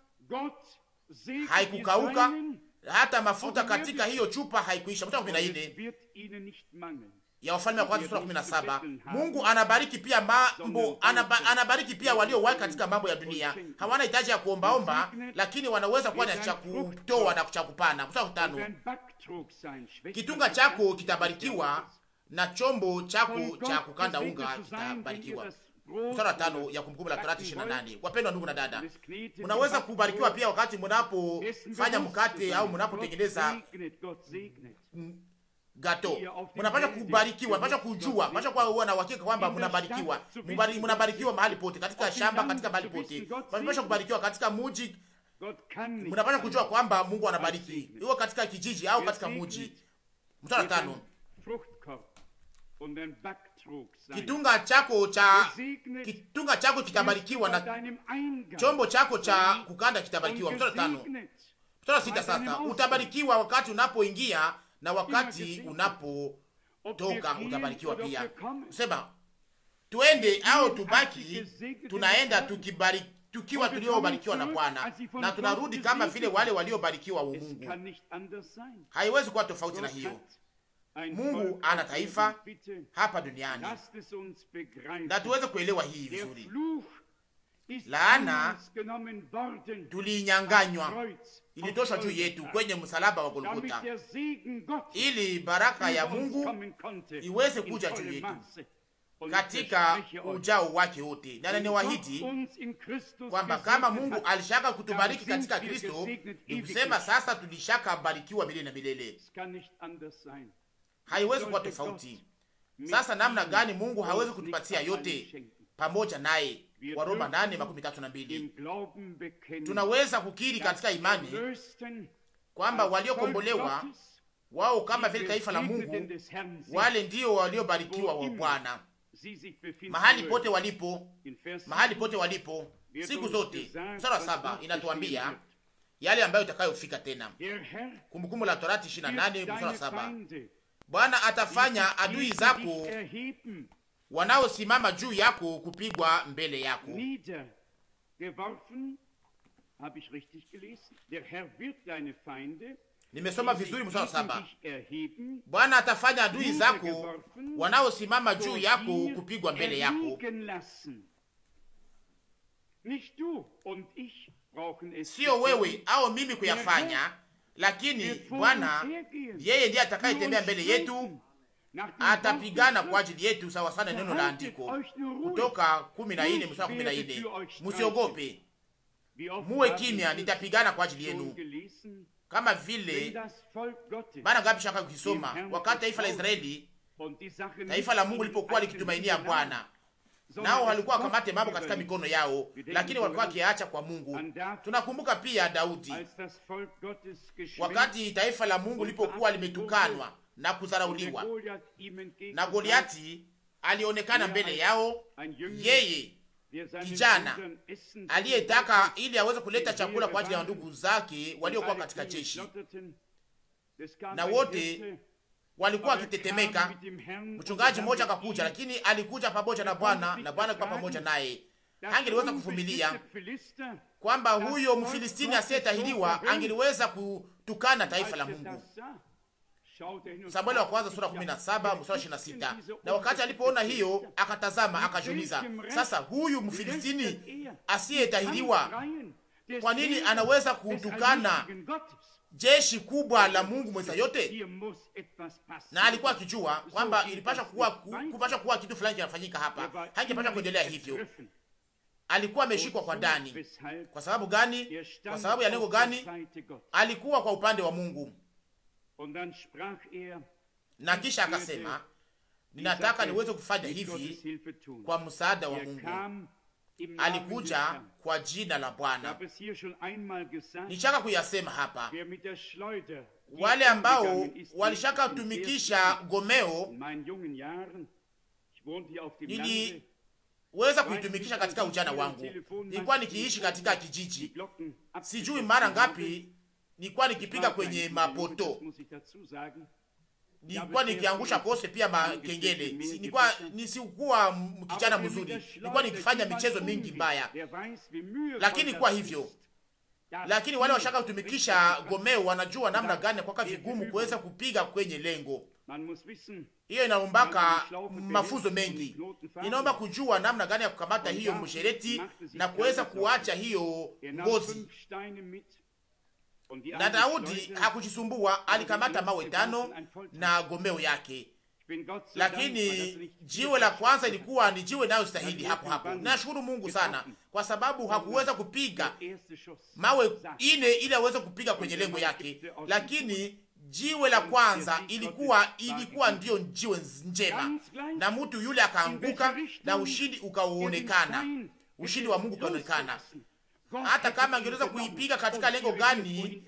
haikukauka, hata mafuta katika hiyo chupa haikuisha. Mstari wa
14
ya Wafalme wa Kwanza sura 17. Mungu anabariki pia mambo anaba, anabariki pia walio wake katika mambo ya dunia. Hawana hitaji ya kuombaomba, lakini wanaweza kuwa na cha kutoa na cha kupana. Kwa tano, kitunga chako kitabarikiwa na chombo chako cha kukanda unga kitabarikiwa. Mstari wa tano ya Kumbukumbu la Torati 28. Wapendwa ndugu na dada, mnaweza kubarikiwa pia wakati mnapofanya mkate au mnapotengeneza gato, mnapasha kubarikiwa, mnapasha kujua, mnapasha kuwa na uhakika kwamba mnabarikiwa, mnabarikiwa mahali pote, katika shamba, katika mahali pote, mnapasha kubarikiwa katika muji, mnapasha kujua kwamba Mungu anabariki, iwe katika kijiji au katika muji. Mstari tano, kitunga chako cha kitunga chako kitabarikiwa na chombo chako cha kukanda kitabarikiwa. Mstari tano, mstari sita. Sasa utabarikiwa wakati unapoingia na wakati unapotoka utabarikiwa pia. Sema tuende au tubaki, tunaenda tukibariki tukiwa tuliobarikiwa na Bwana na tunarudi kama vile wale waliobarikiwa Mungu.
Haiwezi kuwa tofauti na hiyo.
Mungu ana taifa hapa duniani
na tuweze kuelewa hii vizuri.
Laana tuliinyanganywa ilitosha juu yetu kwenye msalaba wa Golgotha, ili baraka ya Mungu iweze kuja juu yetu katika ujao wake wote. Na naniwahidi kwamba kama Mungu alishaka kutubariki katika Kristo, nikusema sasa tulishaka barikiwa milele na milele, haiwezi kuwa tofauti. Sasa namna gani Mungu hawezi kutupatia yote pamoja naye wa Roma nane makumi tatu na mbili. Tunaweza kukiri katika imani kwamba waliokombolewa wao kama vile taifa la Mungu, wale ndio waliobarikiwa wa Bwana
mahali pote walipo,
mahali pote walipo siku zote. Sura saba inatuambia yale ambayo itakayofika tena, Kumbukumbu la Torati 28 sura saba, Bwana atafanya adui zako wanaosimama juu yako kupigwa mbele yako. Nimesoma vizuri mstari saba. Bwana atafanya adui zako
wanaosimama juu yako kupigwa mbele yako.
Sio wewe au mimi kuyafanya, lakini Bwana
yeye ndiye atakayetembea mbele yetu
atapigana kwa ajili yetu sawa sana neno la andiko kutoka 14 mstari wa 14 msiogope muwe kimya nitapigana kwa ajili yenu kama vile bana ngapi shaka kusoma wakati taifa la Israeli taifa la Mungu lilipokuwa likitumainia Bwana nao walikuwa wakamate mambo katika mikono yao, lakini walikuwa wakiacha kwa Mungu. Tunakumbuka pia Daudi wakati taifa la Mungu lipokuwa limetukanwa na kudharauliwa,
na Goliati
alionekana mbele yao, yeye kijana aliyetaka ili aweze kuleta chakula kwa ajili ya ndugu zake waliokuwa katika jeshi, na wote walikuwa wakitetemeka. Mchungaji mmoja akakuja, lakini alikuja pamoja na Bwana na Bwana alikuwa pamoja naye. Angeliweza kuvumilia kwamba huyo Mfilistini asiyetahiriwa angeliweza kutukana taifa la Mungu. Samueli wa kwanza sura 17 mstari wa 26. Na wakati alipoona hiyo, akatazama akajiuliza, sasa huyu Mfilistini
asiyetahiriwa
kwa nini anaweza kutukana jeshi kubwa la Mungu mweza yote? Na alikuwa akijua kwamba ilipasha kuwa kupasha kuwa kitu fulani kinafanyika hapa, hangepasha kuendelea hivyo. Alikuwa ameshikwa kwa ndani. Kwa sababu gani? Kwa sababu ya lengo gani? Alikuwa kwa upande wa Mungu Er, Na kisha akasema, ninataka niweze kufanya hivi kwa msaada wa Mungu. Alikuja kwa jina la Bwana. Nishaka kuyasema hapa,
wale ambao
walishaka tumikisha gomeo weza kuitumikisha katika ujana wangu. Nilikuwa nikiishi katika kijiji, sijui mara ngapi nilikuwa nikipiga kwenye mapoto, nilikuwa nikiangusha kose pia makengele, nilikuwa nisikuwa kijana mzuri, nilikuwa nikifanya michezo mingi mbaya, lakini kwa hivyo lakini wale washaka kutumikisha gomeo wanajua namna gani ya kwaka vigumu kuweza kupiga kwenye lengo. Hiyo inaombaka mafunzo mengi, inaomba kujua namna gani ya kukamata hiyo mshereti na kuweza kuacha hiyo ngozi na Daudi hakujisumbua alikamata mawe tano na gomeo yake, lakini jiwe la kwanza ilikuwa ni jiwe inayostahili hapo hapo. Nashukuru Mungu sana kwa sababu hakuweza kupiga mawe ine ili aweze kupiga kwenye lengo yake, lakini jiwe la kwanza ilikuwa ilikuwa ndiyo jiwe njema, na mtu yule akaanguka na ushindi ukaonekana, ushindi wa Mungu ukaonekana hata kama angeweza kuipiga katika lengo gani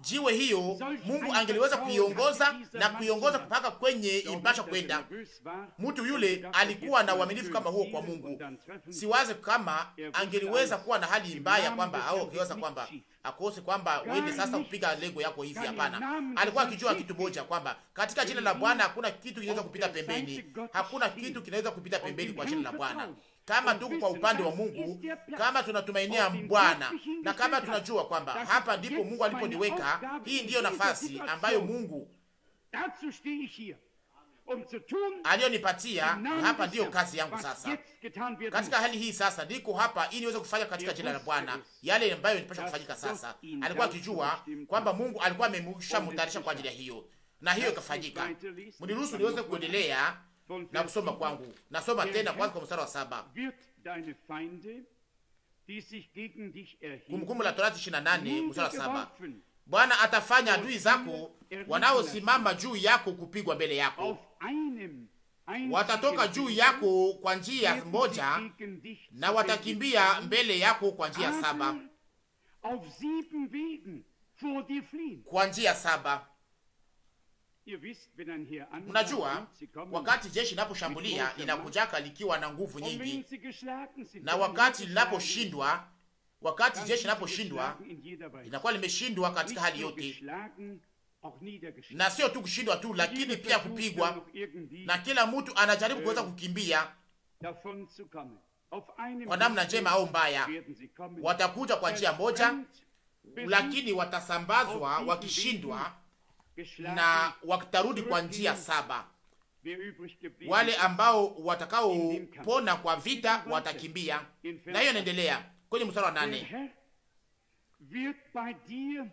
jiwe hiyo, Mungu angeliweza kuiongoza na kuiongoza mpaka kwenye impasha kwenda. Mtu yule alikuwa na uaminifu kama huo kwa Mungu. Siwaze kama angeliweza kuwa na hali mbaya kwamba au akiweza kwamba akose kwamba uende sasa upiga lengo yako hivi. Hapana, alikuwa akijua kitu moja kwamba katika jina la Bwana hakuna kitu kinaweza kupita pembeni, hakuna kitu kinaweza kupita pembeni kwa jina la Bwana kama tuko kwa upande wa Mungu, kama tunatumainia Bwana na kama tunajua kwamba hapa ndipo Mungu aliponiweka, hii ndiyo nafasi ambayo Mungu um, aliyonipatia hapa, ndiyo kazi yangu sasa. Katika hali hii sasa niko hapa ili niweze kufanya katika jina la Bwana yale ambayo inapaswa kufanyika sasa. Alikuwa akijua kwamba Mungu alikuwa amemshamtayarisha kwa ajili ya hiyo, na hiyo ikafanyika. Mniruhusu niweze kuendelea na kusoma kwangu. Nasoma tena kwanza kwa mstari wa saba
Kumbukumbu la Torati ishirini na nane mstari wa saba
Bwana atafanya adui zako wanaosimama juu yako kupigwa mbele yako, watatoka juu yako kwa njia moja na watakimbia mbele yako kwa njia saba, kwa njia saba Mnajua, wakati jeshi linaposhambulia linakujaka likiwa na nguvu nyingi, na wakati linaposhindwa, wakati jeshi linaposhindwa linakuwa limeshindwa katika hali yote, na sio tu kushindwa tu, lakini pia kupigwa, na kila mtu anajaribu äh, kuweza kukimbia
kwa namna njema au
mbaya. Watakuja kwa njia moja, lakini watasambazwa wakishindwa na watarudi kwa njia saba. Wale ambao watakaopona kwa vita watakimbia. Na hiyo inaendelea kwenye mstari wa nane.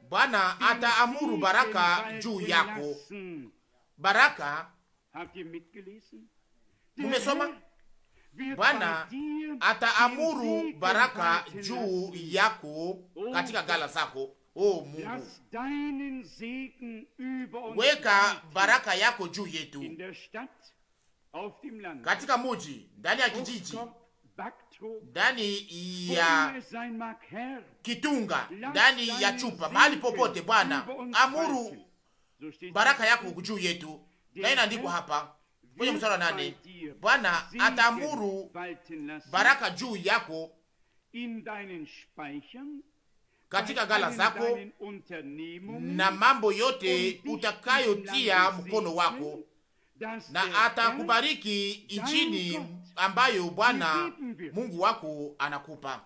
Bwana ataamuru baraka juu yako, baraka. Mumesoma? Bwana ataamuru baraka juu yako katika oh gala zako O oh, Mungu,
weka
baraka yako juu yetu katika muji, ndani ya kijiji, ndani ya kitunga, ndani ya chupa, mahali popote. Bwana, amuru baraka yako juu yetu, na inaandikwa hapa kwenye mstari wa nane, Bwana ataamuru baraka juu yako katika gala zako
na mambo yote
utakayotia mkono wako, na atakubariki nchini ambayo Bwana Mungu wako anakupa.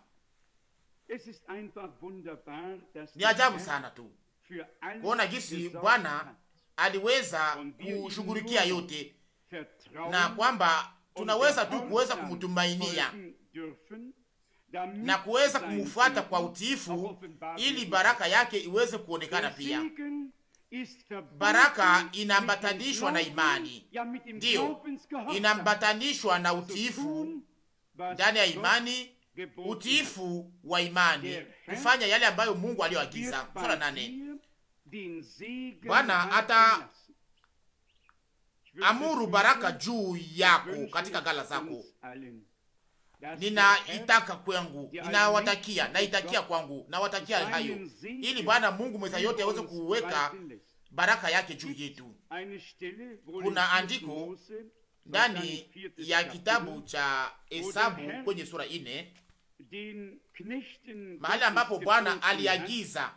Ni ajabu sana tu kuona jinsi Bwana
aliweza kushughulikia yote na kwamba tunaweza tu kuweza kumtumainia na kuweza kumfuata kwa utiifu, ili baraka yake iweze kuonekana pia. Baraka inambatanishwa na imani, ndiyo inambatanishwa na utiifu ndani ya imani, utiifu wa imani kufanya yale ambayo Mungu aliyoagiza. Sura nane. Bwana ata amuru baraka juu yako katika gala zako ninaitaka kwangu, ninawatakia, naitakia kwangu, nawatakia hayo, ili Bwana Mungu mweza yote aweze kuweka baraka yake juu yetu. Kuna andiko ndani ya kitabu cha Hesabu kwenye sura ine
mahali ambapo Bwana aliagiza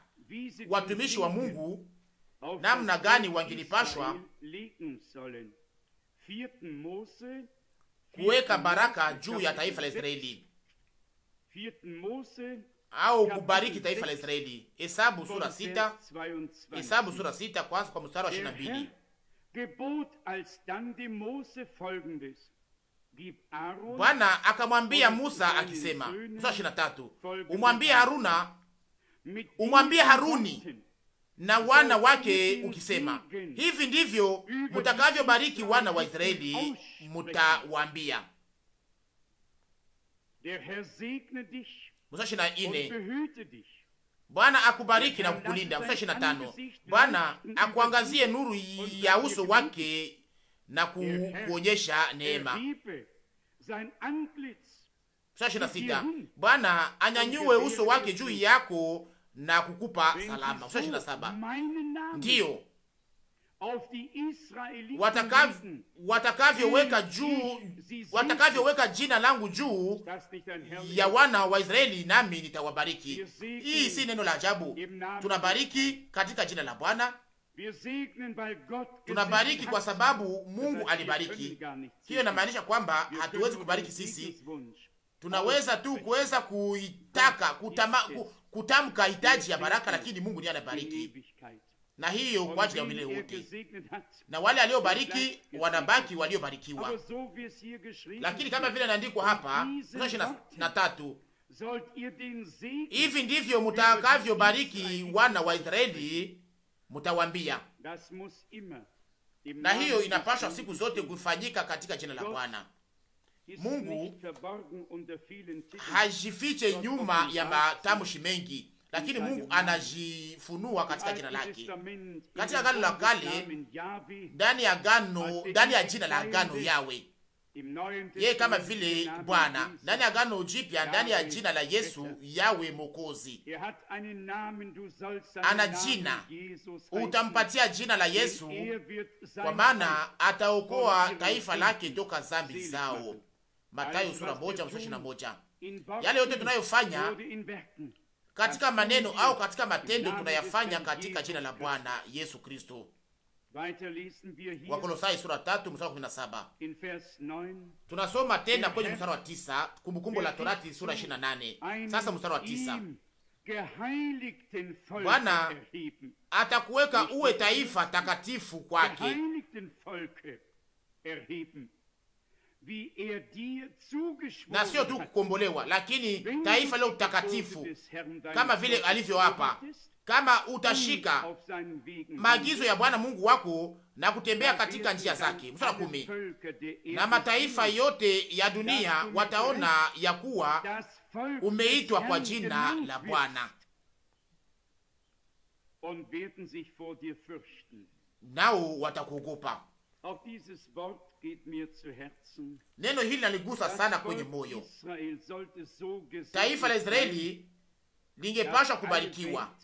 watumishi wa Mungu namna gani wangelipashwa
kuweka baraka juu ya taifa la Israeli au kubariki taifa la Israeli. Hesabu sura sita, Hesabu sura sita kwanza kwa mstari wa ishirini na mbili Bwana akamwambia Musa akisema, mstari wa ishirini na tatu umwambie Haruna, umwambie Haruni na wana wake ukisema, hivi ndivyo mtakavyobariki wana wa Israeli, mutawaambia Mstari ishirini na ine Bwana akubariki na kukulinda. Mstari ishirini na tano Bwana akuangazie nuru ya uso wake na kukuonyesha neema. Mstari ishirini na sita Bwana anyanyue uso wake juu yako na kukupa salama. Mstari ishirini na saba ndiyo watakavyoweka watakavyoweka juu watakavyoweka jina langu juu ya wana wa Israeli, nami nitawabariki. Hii si neno la ajabu. Tunabariki katika jina la Bwana, tunabariki kwa sababu Mungu alibariki. Hiyo inamaanisha kwamba hatuwezi kubariki sisi, tunaweza tu kuweza kuitaka kutama, kutamka hitaji ya baraka, lakini Mungu ndiye anabariki, na hiyo kwa ajili ya umilele wote, na wale aliobariki wanabaki waliobarikiwa. Lakini kama vile inaandikwa hapa na tatu, hivi ndivyo mutakavyobariki wana wa Israeli, mtawambia na hiyo inapaswa siku zote kufanyika katika jina la Bwana. Mungu
hajifiche
nyuma ya matamshi mengi, lakini Mungu anajifunua katika jina lake, katika agano la kale, ndani ya agano, ndani ya jina la agano Yawe yeye kama vile Bwana ndani ya agano jipya, ndani ya jina la Yesu yawe Mokozi. Ana jina, utampatia jina la Yesu, kwa maana ataokoa taifa lake toka zambi zao. Mathayo sura moja mstari ishirini na moja.
Yale yote tunayofanya
katika maneno au katika matendo tunayafanya katika jina la Bwana Yesu Kristo. Wakolosai sura tatu mstari kumi na saba. Tunasoma tena kwenye mstari wa tisa, Kumbukumbu la Torati sura ishirini na nane. Sasa mstari wa tisa, Bwana atakuweka uwe taifa takatifu kwake Er na sio tu kukombolewa, lakini taifa leo takatifu, kama vile alivyo hapa. Kama um utashika maagizo ya Bwana Mungu wako na kutembea katika njia zake. Mstari kumi, na mataifa yote ya dunia wataona ya kuwa umeitwa kwa jina la Bwana, nao watakuogopa. Neno hili naligusa sana kwenye moyo. Taifa la Israeli lingepasha kubarikiwa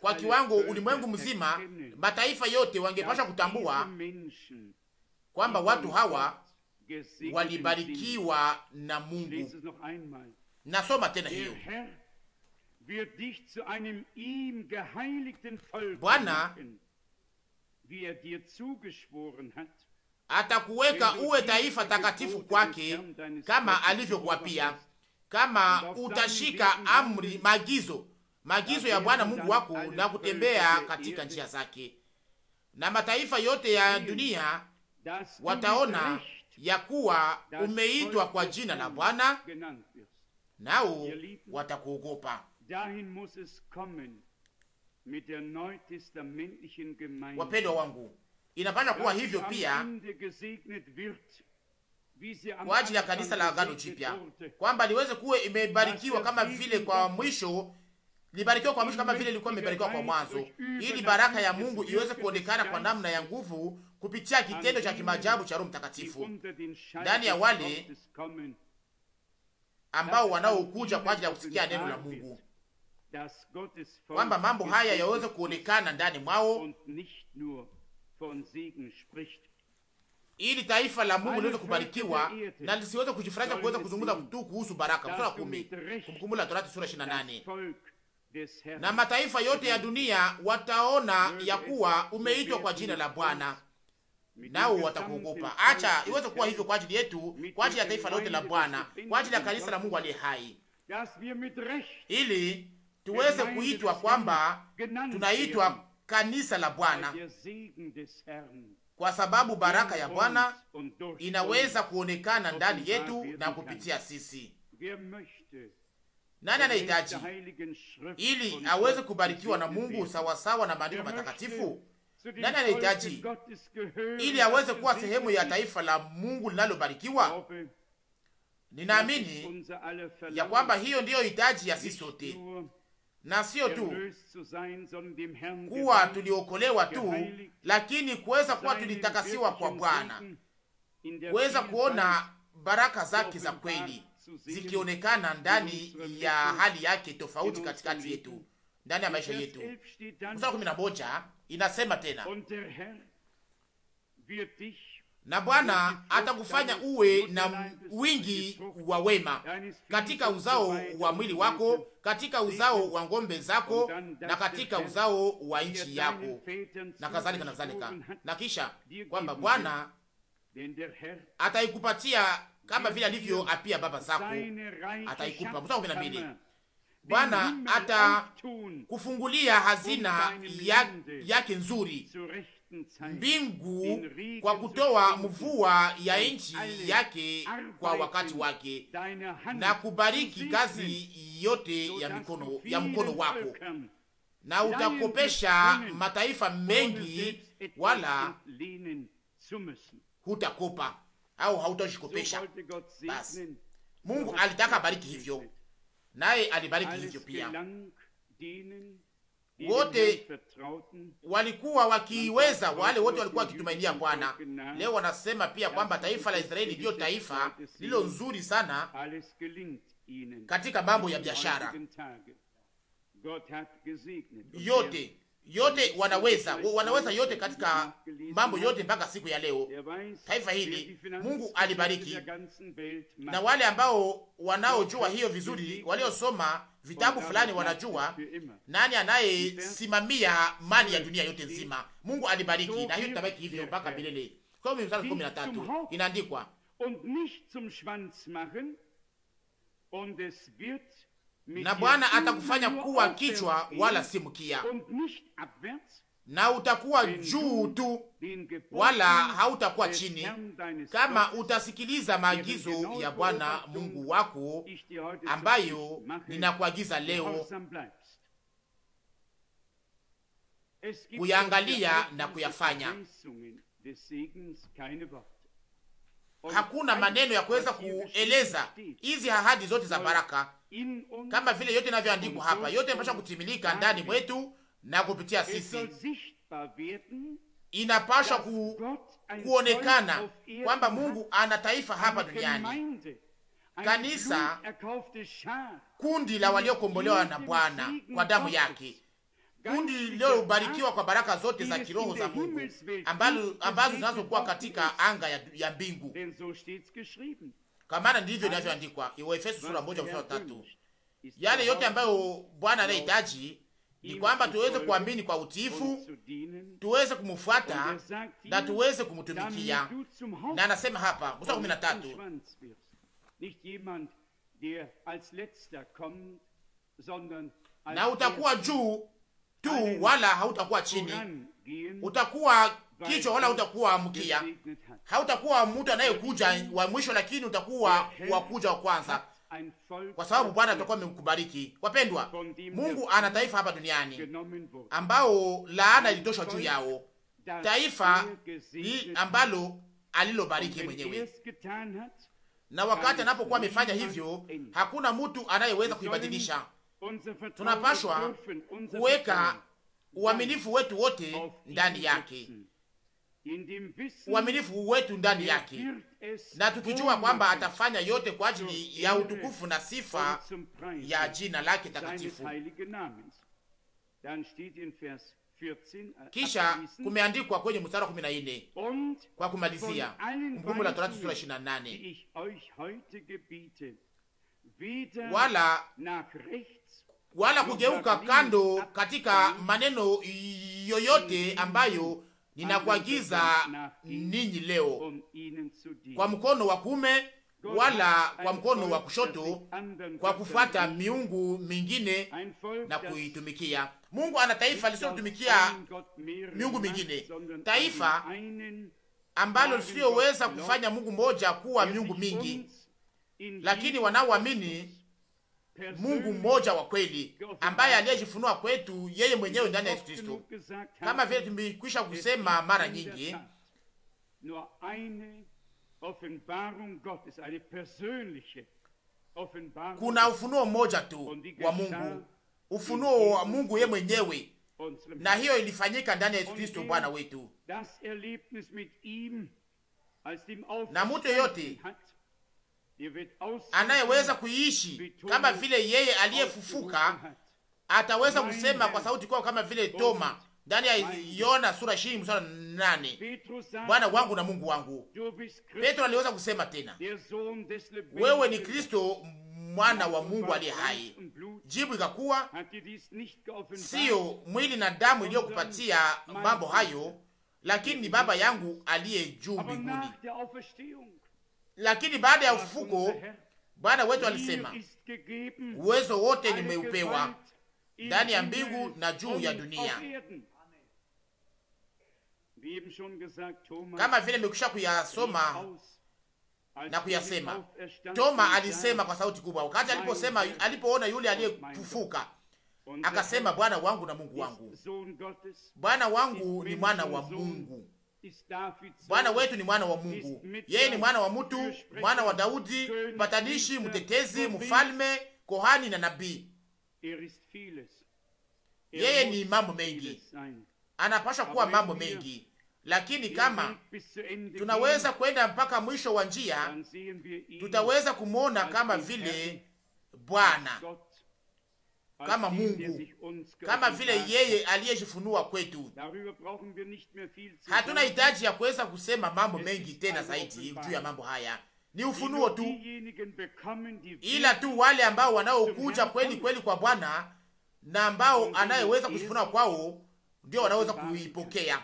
kwa kiwango, ulimwengu mzima, mataifa yote wangepasha kutambua kwamba watu hawa
walibarikiwa na Mungu.
Nasoma tena hiyo Bwana atakuweka uwe taifa takatifu kwake, kama alivyokuapia, kama utashika amri, maagizo, maagizo ya Bwana Mungu wako na kutembea katika njia zake, na mataifa yote ya dunia wataona ya kuwa umeitwa kwa jina la Bwana, nao watakuogopa.
Wapendwa wangu, inapaswa kuwa hivyo pia
kwa ajili ya kanisa la Agano Jipya, kwamba liweze kuwa imebarikiwa kama vile kwa mwisho libarikiwa kwa mwisho kama vile ilikuwa imebarikiwa kwa mwanzo, ili baraka ya Mungu iweze kuonekana kwa namna ya nguvu kupitia kitendo cha kimajabu cha Roho Mtakatifu
ndani ya wale
ambao wanaokuja kwa ajili ya kusikia neno la Mungu kwamba mambo haya yaweze kuonekana ndani mwao, ili taifa la Mungu liweze kubarikiwa na lisiweze kujifurahisha kuweza kuzungumza tu kuhusu baraka. Sura kumi la Torati sura ishirini na nane na mataifa yote ya dunia wataona ya kuwa umeitwa kwa jina la Bwana nao watakuogopa. Acha iweze kuwa hivyo kwa ajili yetu, kwa ajili ya taifa lote la Bwana, kwa ajili ya kanisa la Mungu aliye hai, ili tuweze kuitwa kwamba
tunaitwa
kanisa la Bwana, kwa sababu baraka ya Bwana
inaweza
kuonekana ndani yetu na kupitia sisi. Nani anahitaji ili aweze kubarikiwa na Mungu sawasawa na maandiko matakatifu?
Nani anahitaji ili aweze kuwa
sehemu ya taifa la Mungu linalobarikiwa? Ninaamini ya kwamba hiyo ndiyo hitaji ya sisi sote, na sio tu kuwa tuliokolewa tu, lakini kuweza kuwa tulitakasiwa kwa Bwana, kuweza kuona baraka zake za kweli zikionekana ndani ya hali yake tofauti katikati yetu, ndani ya maisha yetu. Mstari kumi na moja inasema tena na Bwana atakufanya uwe na wingi wa wema katika uzao wa mwili wako, katika uzao wa ng'ombe zako, na katika uzao wa nchi yako, na kadhalika na kadhalika, na kisha kwamba Bwana ataikupatia kama vile alivyo apia baba zako, ataikupa. Mstari kumi na mbili. Bwana atakufungulia hazina yake ya nzuri mbingu kwa kutoa mvua ya nchi yake kwa wakati wake na kubariki kazi yote ya mikono, ya mkono wako, na utakopesha mataifa mengi, wala hutakopa au hautajikopesha. Basi Mungu alitaka bariki hivyo, naye alibariki hivyo pia wote walikuwa wakiweza, wale wote walikuwa wakitumainia Bwana. Leo wanasema pia kwamba taifa la Israeli ndiyo taifa lilo nzuri sana katika mambo ya biashara yote er yote wanaweza, wanaweza yote katika mambo yote mpaka siku ya leo. Taifa hili Mungu alibariki, na wale ambao wanaojua hiyo vizuri, waliosoma vitabu fulani, wanajua nani anayesimamia mali ya dunia yote nzima. Mungu alibariki, na hiyo tabaki hivyo mpaka milele. Kumi na tatu inaandikwa
und und nicht zum schwanz machen es wird na Bwana atakufanya kuwa kichwa wala si mkia,
na utakuwa juu tu wala hautakuwa chini, kama utasikiliza maagizo ya Bwana Mungu wako ambayo ninakuagiza leo
kuyaangalia na kuyafanya
hakuna maneno ya kuweza kueleza hizi ahadi zote za baraka, kama vile yote inavyoandikwa hapa, yote inapasha kutimilika ndani mwetu na kupitia sisi inapashwa ku, kuonekana kwamba Mungu ana taifa hapa duniani, kanisa, kundi la waliokombolewa na Bwana kwa damu yake, kundi lililobarikiwa kwa baraka zote za kiroho za Mungu ambazo ambazo zinazokuwa katika anga ya, ya mbingu, kwa maana ndivyo inavyoandikwa Waefeso sura moja mstari tatu. Yale yote ambayo Bwana anahitaji ni kwamba tuweze kuamini kwa utiifu, tuweze kumfuata er na tuweze kumtumikia. Na anasema hapa
mstari kumi na tatu na utakuwa
juu tu, wala hautakuwa chini, utakuwa kichwa wala hautakuwa mkia, hautakuwa mtu anayekuja wa mwisho, lakini utakuwa wa kuja wa kwanza, kwa sababu Bwana atakuwa amekubariki. Wapendwa, Mungu ana taifa hapa duniani ambao laana ilitoshwa juu yao, taifa ni ambalo alilobariki mwenyewe, na wakati anapokuwa amefanya hivyo, hakuna mtu anayeweza kuibadilisha
tunapashwa
kuweka uaminifu wetu wote ndani yake, uaminifu wetu ndani yake, na tukijua kwamba atafanya yote kwa ajili ya utukufu na sifa ya jina lake takatifu. Äh, Kisha kumeandikwa kwenye mstari wa 14 kwa kumalizia,
Kumbukumbu la Torati
sura 28, wala wala kugeuka kando katika maneno yoyote ambayo ninakuagiza ninyi leo kwa mkono wa kume wala kwa mkono wa kushoto, kwa kufuata miungu mingine na kuitumikia. Mungu ana taifa lisilotumikia miungu mingine, taifa ambalo lisiyoweza kufanya Mungu mmoja kuwa miungu mingi, lakini wanaoamini Mungu mmoja wa kweli ambaye aliyejifunua kwetu yeye mwenyewe ndani ya Yesu Kristo, kama vile tumekwisha kusema mara nyingi kuna ufunuo mmoja tu wa Mungu, ufunuo wa Mungu yeye mwenyewe, na hiyo ilifanyika ndani ya Yesu Kristo Bwana wetu. Na mtu yeyote anayeweza kuiishi kama vile yeye aliyefufuka ataweza kusema kwa sauti kwa kama vile Toma ndani ya Yona sura ishirini mstari nane Bwana wangu na Mungu wangu. Petro aliweza kusema tena, wewe ni Kristo mwana wa Mungu aliye hai. Jibu ikakuwa siyo mwili na damu iliyokupatia mambo hayo, lakini ni Baba yangu aliye juu mbinguni. Lakini baada ya ufuko Bwana wetu alisema,
uwezo wote nimeupewa
ndani ya mbingu na juu ya dunia,
kama vile nimekwisha kuyasoma
na kuyasema.
Toma alisema
kwa sauti kubwa wakati aliposema, alipoona yule aliyefufuka, akasema, Bwana wangu na Mungu wangu, Bwana wangu ni mwana wa Mungu. Bwana wetu ni mwana wa Mungu, yeye ni mwana wa mtu, mwana wa Daudi, mpatanishi, mtetezi, mfalme, kohani na nabii.
Yeye ni mambo
mengi, anapasha kuwa mambo mengi, lakini kama tunaweza kwenda mpaka mwisho wa njia, tutaweza kumwona kama vile Bwana kama er Mungu,
kama vile yeye
aliyejifunua kwetu.
Hatuna hitaji
ya kuweza kusema mambo mengi tena zaidi juu ya mambo haya, ni ufunuo tu, ila tu wale ambao wanaokuja kweli kweli kwa Bwana na ambao anayeweza kujifunua kwao ndio wanaweza kuipokea.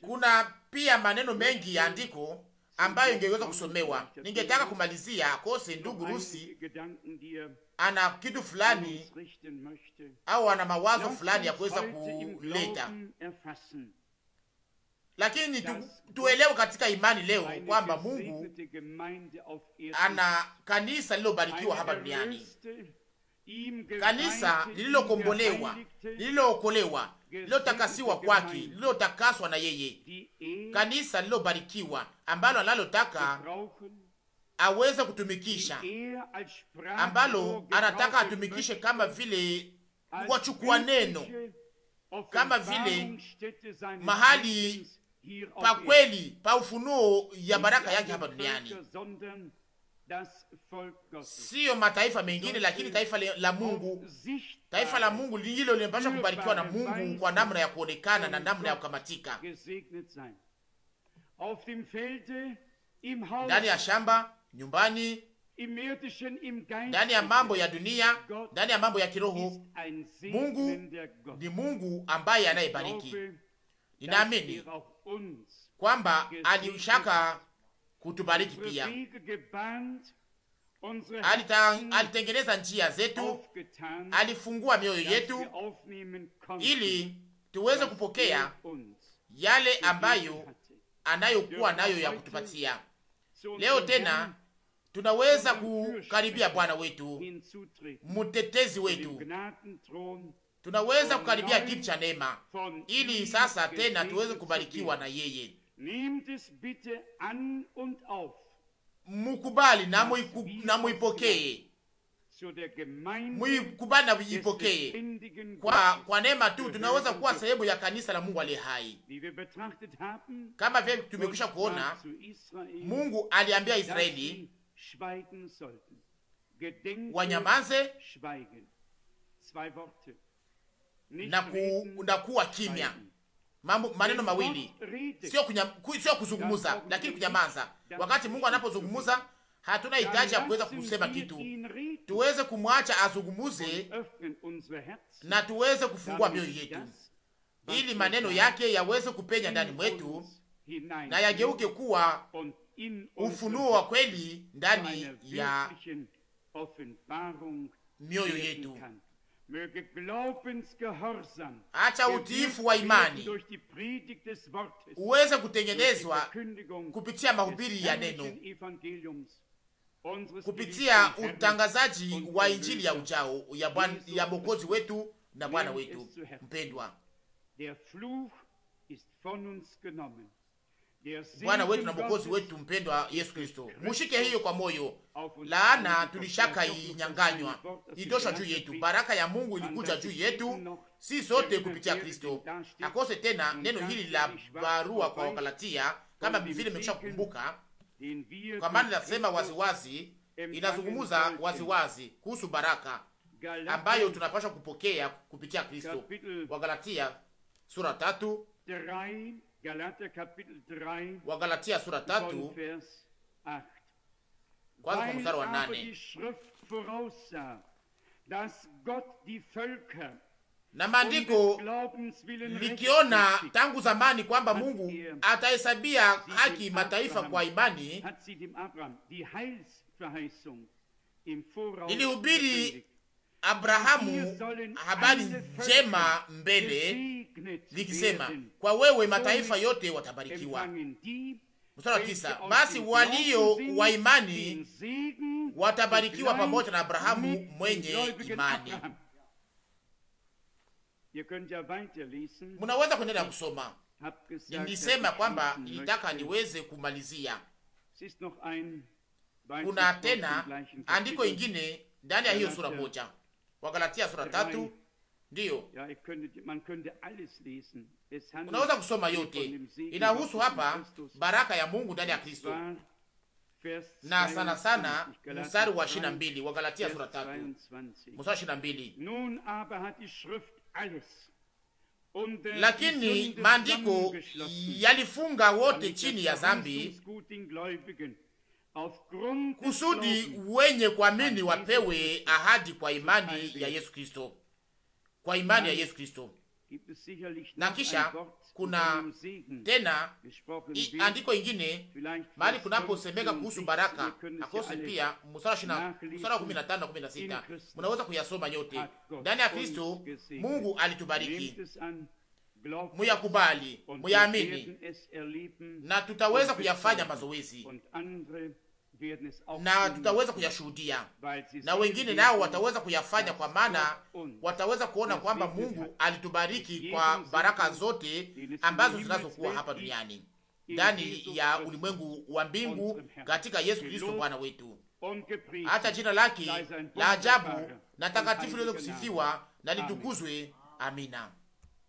Kuna pia maneno mengi ya andiko ambayo ingeweza kusomewa. Ningetaka kumalizia kose, ndugu Rusi ana kitu fulani au ana mawazo fulani ya kuweza kuleta, lakini tu, tuelewe katika imani leo kwamba Mungu ana kanisa lilobarikiwa hapa duniani,
kanisa lililokombolewa,
lililookolewa lililotakasiwa kwake, lililotakaswa na yeye, kanisa barikiwa ambalo analotaka aweze kutumikisha,
ambalo
anataka atumikishe kama vile wachukua neno, kama vile
mahali
pa kweli pa ufunuo ya baraka yake hapa duniani siyo mataifa mengine, lakini taifa la Mungu, taifa la Mungu lililo limepasha kubarikiwa na Mungu kwa namna ya kuonekana na namna ya kukamatika ndani ya shamba, nyumbani,
ndani ya mambo ya dunia, ndani ya mambo ya kiroho. Mungu
ni Mungu ambaye anayebariki. Ninaamini kwamba alishaka kutubariki pia. Alita, alitengeneza njia zetu, alifungua mioyo yetu ili tuweze kupokea er yale ambayo anayokuwa nayo ya kutupatia leo. Tena tunaweza kukaribia Bwana wetu, mtetezi wetu, tunaweza kukaribia kiti cha neema ili sasa tena tuweze kubarikiwa na yeye mukubali na muipokee, muikubali na muipokee. Kwa, kwa neema tu tunaweza kuwa sehemu ya kanisa la Mungu aliye hai. Kama vile tumekwisha kuona,
Mungu aliambia Israeli
wanyamaze na, ku, na kuwa kimya mambo maneno mawili, sio sio kuzungumza, lakini kunyamaza. Wakati Mungu anapozungumza, hatuna hitaji ya kuweza kusema kitu, tuweze kumwacha azungumuze na tuweze kufungua mioyo yetu, ili maneno yake yaweze kupenya ndani mwetu na yageuke kuwa
ufunuo wa
kweli ndani ya
mioyo yetu. Acha utiifu wa imani uweze kutengenezwa
kupitia mahubiri ya neno, kupitia utangazaji wa injili ya ujao ya Bwana ya Mwokozi wetu na Bwana wetu mpendwa.
Bwana wetu na mwokozi wetu
mpendwa Yesu Kristo. Mushike hiyo kwa moyo. Laana tulishaka inyanganywa, itosha juu yetu. Baraka ya Mungu ilikuja juu yetu, si sote kupitia Kristo. Akose tena neno hili la barua kwa Wakalatia, kama vile nimekwisha kukumbuka, kwa maana nasema waziwazi, inazungumza waziwazi kuhusu baraka ambayo tunapaswa kupokea kupitia Kristo. Wagalatia sura tatu Wagalatia sura tatu kwanza kwa mstari wa nane
na maandiko
um likiona tangu zamani kwamba Mungu er atahesabia haki mataifa kwa imani, ilihubiri Abrahamu habari njema mbele likisema, kwa wewe mataifa yote watabarikiwa. Mstari wa tisa, basi walio wa imani watabarikiwa pamoja na Abrahamu mwenye imani. Munaweza kuendelea kusoma. Nilisema kwamba nilitaka niweze kumalizia. Kuna tena andiko ingine ndani ya hiyo sura moja Wagalatia sura tatu. Ndiyo, unaweza kusoma yote, inahusu hapa baraka ya Mungu ndani ya Kristo na sana sana mstari wa ishirini na mbili wa Galatia sura tatu mstari wa ishirini na mbili
lakini maandiko
yalifunga wote chini ya dhambi kusudi wenye kuamini wapewe ahadi kwa imani ya Yesu Kristo, kwa imani ya Yesu Kristo. Na kisha kuna tena i, andiko ingine mahali kunaposemeka kuhusu baraka akose pia mstari wa 15 na 16, mnaweza kuyasoma yote. Ndani ya Kristo Mungu alitubariki muyakubali, muyaamini, na tutaweza kuyafanya mazoezi na tutaweza kuyashuhudia, na wengine nao wataweza kuyafanya, kwa maana wataweza kuona kwamba Mungu alitubariki kwa baraka zote ambazo zinazokuwa hapa duniani ndani ya ulimwengu wa mbingu katika Yesu Kristo Bwana wetu. Hata jina lake la ajabu na takatifu liweze kusifiwa na litukuzwe. Amina.